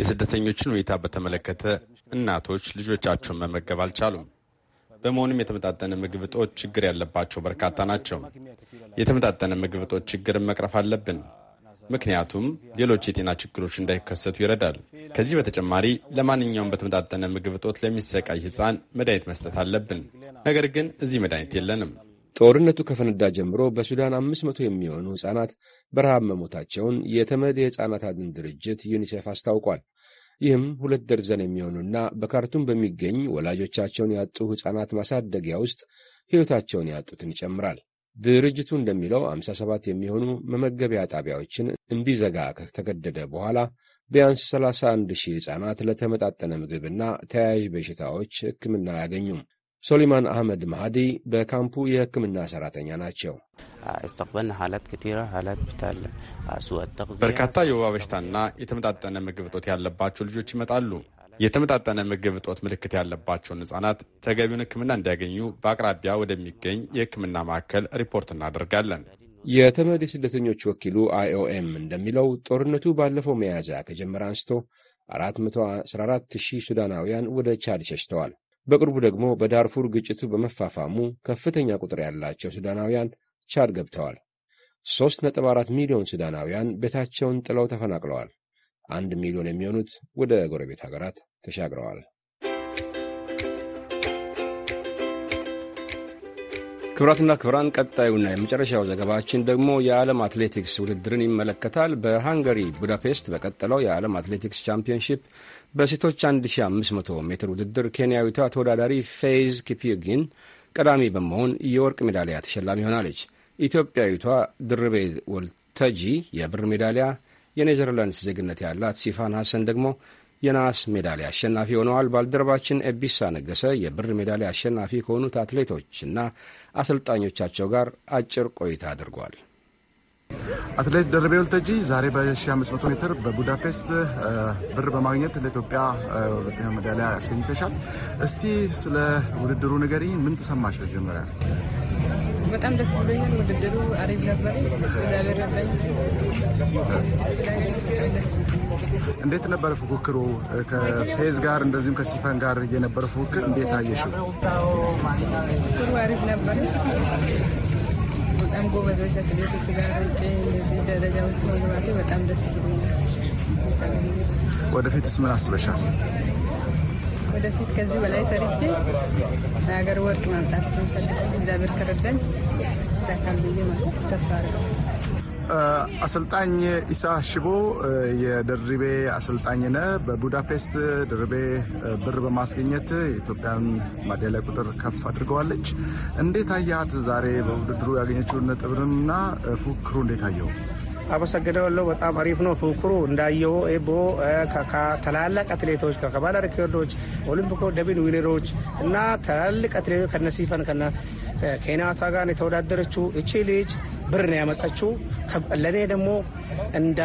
የስደተኞችን ሁኔታ በተመለከተ እናቶች ልጆቻቸውን መመገብ አልቻሉም። በመሆኑም የተመጣጠነ ምግብ እጦት ችግር ያለባቸው በርካታ ናቸው። የተመጣጠነ ምግብ እጦት ችግርን መቅረፍ አለብን። ምክንያቱም ሌሎች የጤና ችግሮች እንዳይከሰቱ ይረዳል። ከዚህ በተጨማሪ ለማንኛውም በተመጣጠነ ምግብ እጦት ለሚሰቃይ ሕፃን መድኃኒት መስጠት አለብን። ነገር ግን እዚህ መድኃኒት የለንም። ጦርነቱ ከፈነዳ ጀምሮ በሱዳን አምስት መቶ የሚሆኑ ሕፃናት በረሃብ መሞታቸውን የተመድ የሕፃናት አድን ድርጅት ዩኒሴፍ አስታውቋል። ይህም ሁለት ደርዘን የሚሆኑና በካርቱም በሚገኝ ወላጆቻቸውን ያጡ ሕፃናት ማሳደጊያ ውስጥ ሕይወታቸውን ያጡትን ይጨምራል። ድርጅቱ እንደሚለው 57 የሚሆኑ መመገቢያ ጣቢያዎችን እንዲዘጋ ከተገደደ በኋላ ቢያንስ 31 ሺህ ሕፃናት ለተመጣጠነ ምግብና ተያያዥ በሽታዎች ሕክምና አያገኙም። ሶሊማን አህመድ ማሃዲ በካምፑ የሕክምና ሠራተኛ ናቸው። በርካታ የወባ በሽታና የተመጣጠነ ምግብ እጦት ያለባቸው ልጆች ይመጣሉ። የተመጣጠነ ምግብ እጦት ምልክት ያለባቸውን ህጻናት ተገቢውን ህክምና እንዲያገኙ በአቅራቢያ ወደሚገኝ የህክምና ማዕከል ሪፖርት እናደርጋለን። የተመድ የስደተኞች ወኪሉ አይኦኤም እንደሚለው ጦርነቱ ባለፈው መያዝያ ከጀመረ አንስቶ 414,000 ሱዳናውያን ወደ ቻድ ሸሽተዋል። በቅርቡ ደግሞ በዳርፉር ግጭቱ በመፋፋሙ ከፍተኛ ቁጥር ያላቸው ሱዳናውያን ቻድ ገብተዋል። 3.4 ሚሊዮን ሱዳናውያን ቤታቸውን ጥለው ተፈናቅለዋል። አንድ ሚሊዮን የሚሆኑት ወደ ጎረቤት ሀገራት ተሻግረዋል። ክብራትና ክብራን ቀጣዩና የመጨረሻው ዘገባችን ደግሞ የዓለም አትሌቲክስ ውድድርን ይመለከታል። በሃንገሪ ቡዳፔስት በቀጠለው የዓለም አትሌቲክስ ቻምፒዮንሺፕ በሴቶች 1500 ሜትር ውድድር ኬንያዊቷ ተወዳዳሪ ፌይዝ ኪፕዩጊን ቀዳሚ በመሆን የወርቅ ሜዳሊያ ተሸላሚ ሆናለች። ኢትዮጵያዊቷ ድርቤ ወልተጂ የብር ሜዳሊያ፣ የኔዘርላንድስ ዜግነት ያላት ሲፋን ሐሰን ደግሞ የነሐስ ሜዳሊያ አሸናፊ ሆነዋል። ባልደረባችን ኤቢሳ ነገሰ የብር ሜዳሊያ አሸናፊ ከሆኑት አትሌቶችና አሰልጣኞቻቸው ጋር አጭር ቆይታ አድርጓል። አትሌት ደርቤ ወልተጂ ዛሬ በ1500 ሜትር በቡዳፔስት ብር በማግኘት ለኢትዮጵያ ሜዳሊያ ያስገኝተሻል። እስቲ ስለ ውድድሩ ንገሪ፣ ምን ተሰማሽ? መጀመሪያ በጣም ደስ ብሎኛል። ውድድሩ አሪፍ ነበር። እግዚአብሔር ረዳኝ። እንዴት ነበረ ፉክክሩ? ከፌዝ ጋር እንደዚሁም ከሲፈን ጋር የነበረ ፉክክር እንዴት አየሽው? ፉክክሩ አሪፍ ነበር። በጣም ጎበዞች አትሌቶች ጋር ውጭ እንደዚህ ደረጃ ውስጥ መግባቴ በጣም ደስ ብሎኛል። ወደፊትስ ምን አስበሻል? ወደፊት ከዚህ በላይ ሰርቼ ለሀገር ወርቅ መምጣት ንፈልግ እግዚአብሔር ከረዳኝ ዛካል ብዬ ማለት ተስፋ አሰልጣኝ ኢሳ ሽቦ የድርቤ አሰልጣኝ ነ በቡዳፔስት ድርቤ ብር በማስገኘት የኢትዮጵያን ማዳሊያ ቁጥር ከፍ አድርገዋለች። እንዴት አያት? ዛሬ በውድድሩ ያገኘችውን ነጥብንና ፉክክሩ እንዴት አየው? አመሰግናለሁ። በጣም አሪፍ ነው ፉክክሩ እንዳየው ኤቦ ከታላላቅ አትሌቶች ከባለ ሪከርዶች ኦሊምፒኮ ደቢን ዊነሮች እና ታላልቅ አትሌቶች ከነሲፈን ከነ ኬንያታ ጋር የተወዳደረችው እቺ ልጅ ብር ነው ያመጣችው። ለእኔ ደግሞ እንደ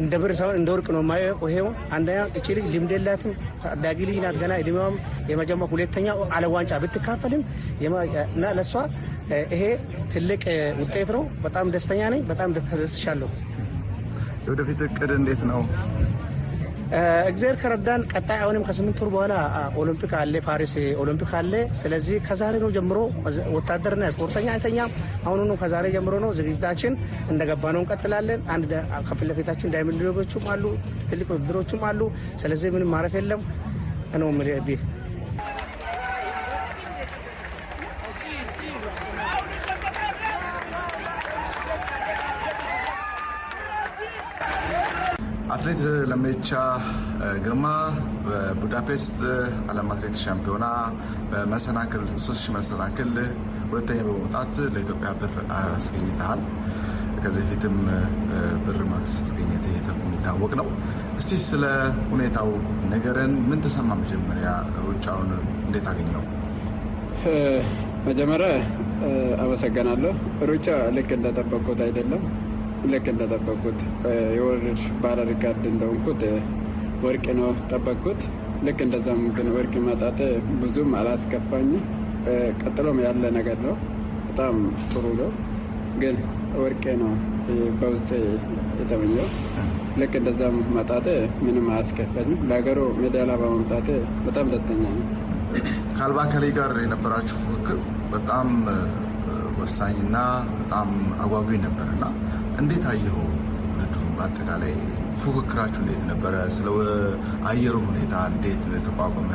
እንደ ብር ሳይሆን እንደ ወርቅ ነው የማየው። ይሄው አንደኛ እቺ ልጅ ልምድ የላትም ታዳጊ ልጅ ናት ገና እድሜዋም የመጀመሪያ ሁለተኛ አለ ዋንጫ ብትካፈልም እና ለእሷ ይሄ ትልቅ ውጤት ነው። በጣም ደስተኛ ነኝ። በጣም ተደስሻለሁ። የወደፊት እቅድ እንዴት ነው? እግዚአብሔር ከረዳን ቀጣይ አሁንም ከስምንት ወር በኋላ ኦሎምፒክ አለ፣ ፓሪስ ኦሎምፒክ አለ። ስለዚህ ከዛሬ ነው ጀምሮ ወታደርና ስፖርተኛ አይተኛም። አሁኑ ከዛሬ ጀምሮ ነው ዝግጅታችን፣ እንደገባ ነው እንቀጥላለን። አንድ ከፊት ለፊታችን ዳይመንድ ሊጎችም አሉ፣ ትልቅ ውድድሮችም አሉ። ስለዚህ ምንም ማረፍ የለም ነው ምልቤ ኢሬሜቻ ግርማ በቡዳፔስት ዓለም አትሌት ሻምፒዮና በመሰናክል ሶስት መሰናክል ሁለተኛ በመውጣት ለኢትዮጵያ ብር አስገኝተሃል። ከዚህ በፊትም ብር ማክስ አስገኘት የሚታወቅ ነው። እስቲ ስለ ሁኔታው ነገርን ምን ተሰማ? መጀመሪያ ሩጫውን እንዴት አገኘው? መጀመሪያ አመሰግናለሁ። ሩጫ ልክ እንደጠበቁት አይደለም። ልክ እንደጠበቅኩት የወርድ ባረር ጋርድ እንደሆንኩት ወርቅ ነው ጠበቅኩት። ልክ እንደዛም ግን ወርቅ ማጣት ብዙም አላስከፋኝ። ቀጥሎም ያለ ነገር ነው። በጣም ጥሩ ነው። ግን ወርቄ ነው በውስጤ የተመኘው። ልክ እንደዛም ማጣት ምንም አያስከፈኝ። ለሀገሩ ሜዳላ በመምጣት በጣም ደስተኛ ነው። ከአልባከሌ ጋር የነበራችሁ ፉክክር በጣም ወሳኝና በጣም አጓጊ ነበርና እንዴት አየሁ? ውድድሩን በአጠቃላይ ፉክክራችሁ እንዴት ነበረ? ስለ አየሩ ሁኔታ እንዴት ተቋቁመ?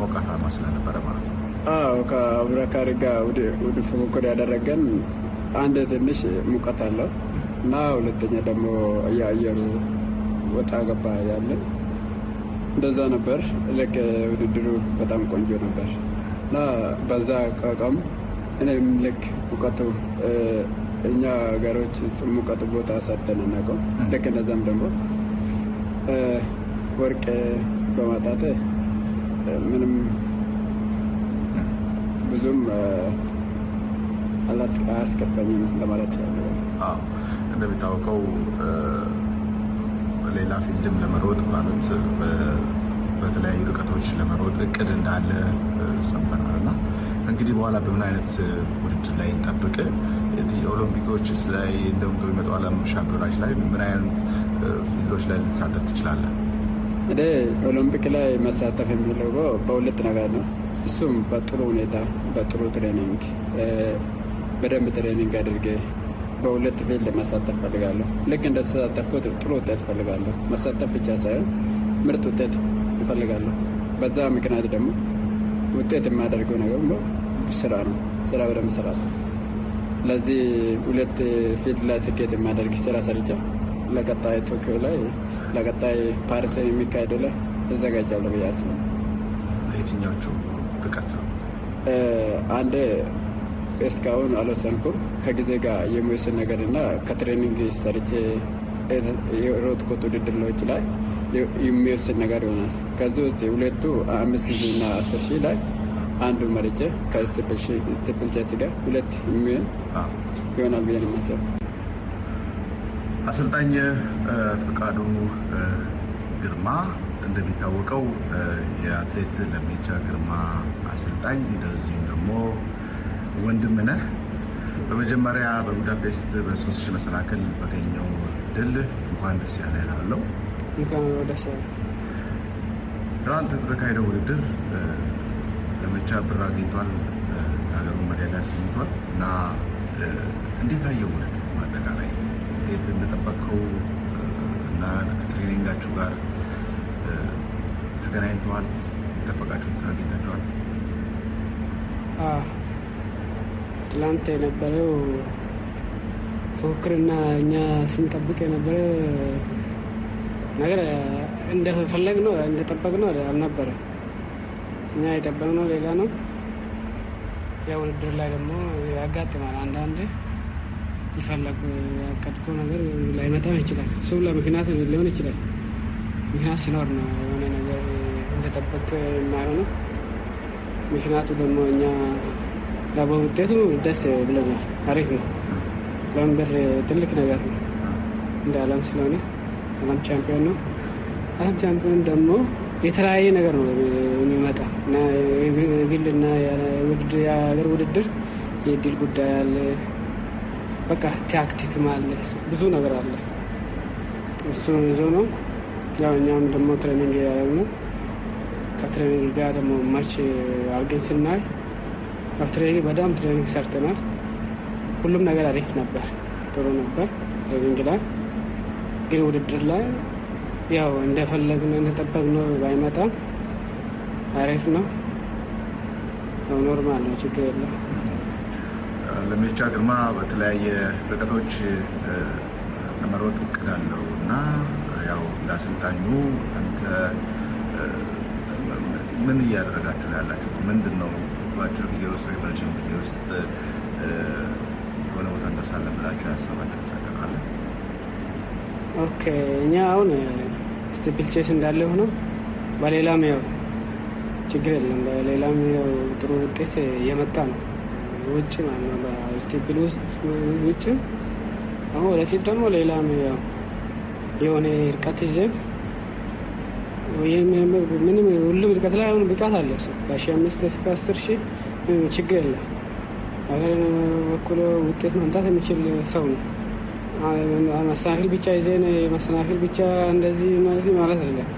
ሞቃታማ ስለነበረ ማለት ነው። ከብረካሪ ጋር ወደ ፉክክር ያደረገን አንድ ትንሽ ሙቀት አለው እና ሁለተኛ ደግሞ የአየሩ ወጣ ገባ ያለን እንደዛ ነበር። ልክ ውድድሩ በጣም ቆንጆ ነበር እና በዛ አቋቋም እኔም ልክ ሙቀቱ እኛ ሀገሮች ሙቀት ቦታ ሰርተን እናቀው ልክ እነዛም ደግሞ ወርቅ በማጣት ምንም ብዙም አላስከፋኝም ለማለት እንደሚታወቀው ሌላ ፊልድም ለመሮጥ ማለት በተለያዩ ርቀቶች ለመሮጥ እቅድ እንዳለ ሰምተናል እና እንግዲህ በኋላ በምን አይነት ውድድር ላይ እንጠብቅ? እንግዲህ ኦሎምፒኮችስ ላይ እንደውም በሚመጣው ዓለም ሻምፒዮናች ላይ ምን አይነት ፊልዶች ላይ ልትሳተፍ ትችላለህ? እኔ ኦሎምፒክ ላይ መሳተፍ የሚለው በሁለት ነገር ነው። እሱም በጥሩ ሁኔታ በጥሩ ትሬኒንግ፣ በደንብ ትሬኒንግ አድርጌ በሁለት ፊልድ መሳተፍ ፈልጋለሁ። ልክ እንደተሳተፍኩት ጥሩ ውጤት ፈልጋለሁ። መሳተፍ ብቻ ሳይሆን ምርጥ ውጤት ይፈልጋለሁ። በዛ ምክንያት ደግሞ ውጤት የማደርገው ነገር ስራ ነው። ስራ ወደ መሰራት ለዚህ ሁለት ፊልድ ላይ ስኬት የሚያደርግ ስራ ሰርቻ ለቀጣይ ቶኪዮ ላይ ለቀጣይ ፓሪስ የሚካሄደው ላይ እዘጋጃለሁ ብዬ አስባለሁ። በየትኛዎቹ ብቃት ነው? አንድ እስካሁን አልወሰንኩም። ከጊዜ ጋር የሚወስን ነገር እና ከትሬኒንግ ሰርቼ የሮጥኩት ውድድሮች ላይ የሚወስን ነገር ይሆናል። ከዚህ ውስጥ ሁለቱ አምስት ሺህ እና አስር ሺህ ላይ አንዱ መርጬ ከስትፕልቸስ ጋር ሁለት የሚሆን ይሆናል ብዬ ነው ማሰብ። አሰልጣኝ ፍቃዱ ግርማ እንደሚታወቀው የአትሌት ለሜቻ ግርማ አሰልጣኝ እንደዚሁም ደግሞ ወንድም ነህ። በመጀመሪያ በቡዳፔስት በሶስት ሺህ መሰናክል በገኘው ድል እንኳን ደስ ያለ እላለሁ። ደስ ያለህ። ትናንት በተካሄደው ውድድር ለመቻ ብር አግኝቷል፣ ሀገሩን መሪያ አስገኝቷል እና እንዴት አየው ውድድሩ አጠቃላይ እንዴት እንደጠበቅከው እና ትሬኒንጋችሁ ጋር ተገናኝተዋል? ጠበቃችሁ አግኝታችኋል? ትላንት የነበረው ፉክክርና እኛ ስንጠብቅ የነበረ ነገር እንደፈለግ ነው እንደጠበቅ ነው አልነበረም። እኛ የጠበቅነው ሌላ ነው። ያው ውድድር ላይ ደግሞ ያጋጥማል። አንዳንድ ይፈለጉ ያቀድከው ነገር ላይመጣም ይችላል። እሱም ለምክንያት ሊሆን ይችላል። ምክንያት ሲኖር ነው የሆነ ነገር እንደጠበቅ የማይሆነ ምክንያቱ ደግሞ እኛ በውጤቱ ደስ ብለናል። አሪፍ ነው። ለምብር ትልቅ ነገር ነው። እንደ ዓለም ስለሆነ ዓለም ቻምፒዮን ነው። ዓለም ቻምፒዮን ደግሞ የተለያየ ነገር ነው የሚመጣ እና የግልና የአገር ውድድር የድል ጉዳይ አለ። በቃ ታክቲክም አለ፣ ብዙ ነገር አለ። እሱን ይዞ ነው ያው እኛም ደግሞ ትሬኒንግ ያደረግነው ከትሬኒንግ ጋር ደግሞ ማች አድርገን ስናይ ያው ትሬኒንግ በጣም ትሬኒንግ ሰርተናል። ሁሉም ነገር አሪፍ ነበር፣ ጥሩ ነበር ትሬኒንግ ላይ ግን ውድድር ላይ ያው እንደፈለግነው እንደጠበቅነው ባይመጣም አሪፍ ነው። ያው ኖርማል ነው፣ ችግር የለም። ለሜቻ ግርማ በተለያየ ርቀቶች ለመሮጥ እቅድ አለው እና ያው ለአሰልጣኙ አንተ ምን እያደረጋችሁ ነው ያላችሁ? ምንድን ነው በአጭር ጊዜ ውስጥ ወይ በረዥም ጊዜ ውስጥ የሆነ ቦታ እንደርሳለን ብላችሁ ያሰባችሁት ነገር አለ? ኦኬ እኛ አሁን ስቴፕል ቼስ እንዳለ ሆኖ በሌላም ያው ችግር የለም። በሌላም ያው ጥሩ ውጤት የመጣ ነው። ውጭ ማለት በስቴፕል ውስጥ ውጭ አሁን ወደፊት ደግሞ ሌላም ያው የሆነ እርቀት ይዘን ምንም ሁሉም እርቀት ላይ አሁን ብቃት አለ ሰው ከሺ አምስት እስከ አስር ሺ ችግር የለም። ሀገር በኩል ውጤት መምጣት የሚችል ሰው ነው። መሰናክል ብቻ ይዘን መሰናክል ብቻ እንደዚህ ማለት ማለት አይደለም።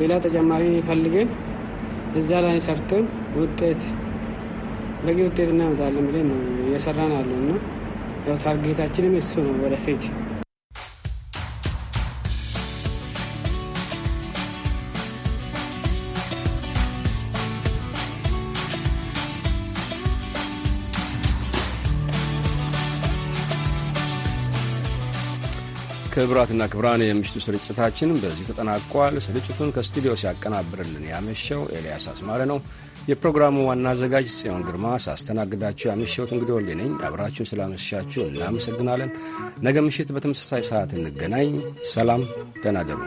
ሌላ ተጨማሪ ፈልገን እዛ ላይ ሰርተን ውጤት በቂ ውጤት እናመጣለን ብለን ነው እየሰራን ያለው እና ያው ታርጌታችንም እሱ ነው ወደፊት ክብራትና ክብራን የምሽቱ ስርጭታችን በዚህ ተጠናቋል። ስርጭቱን ከስቱዲዮ ሲያቀናብርልን ያመሸው ኤልያስ አስማረ ነው። የፕሮግራሙ ዋና አዘጋጅ ጽዮን ግርማ፣ ሳስተናግዳችሁ ያመሸሁት እንግዲህ ወልዴ ነኝ። አብራችሁን ስላመሻችሁ እናመሰግናለን። ነገ ምሽት በተመሳሳይ ሰዓት እንገናኝ። ሰላም፣ ደህና እደሩ።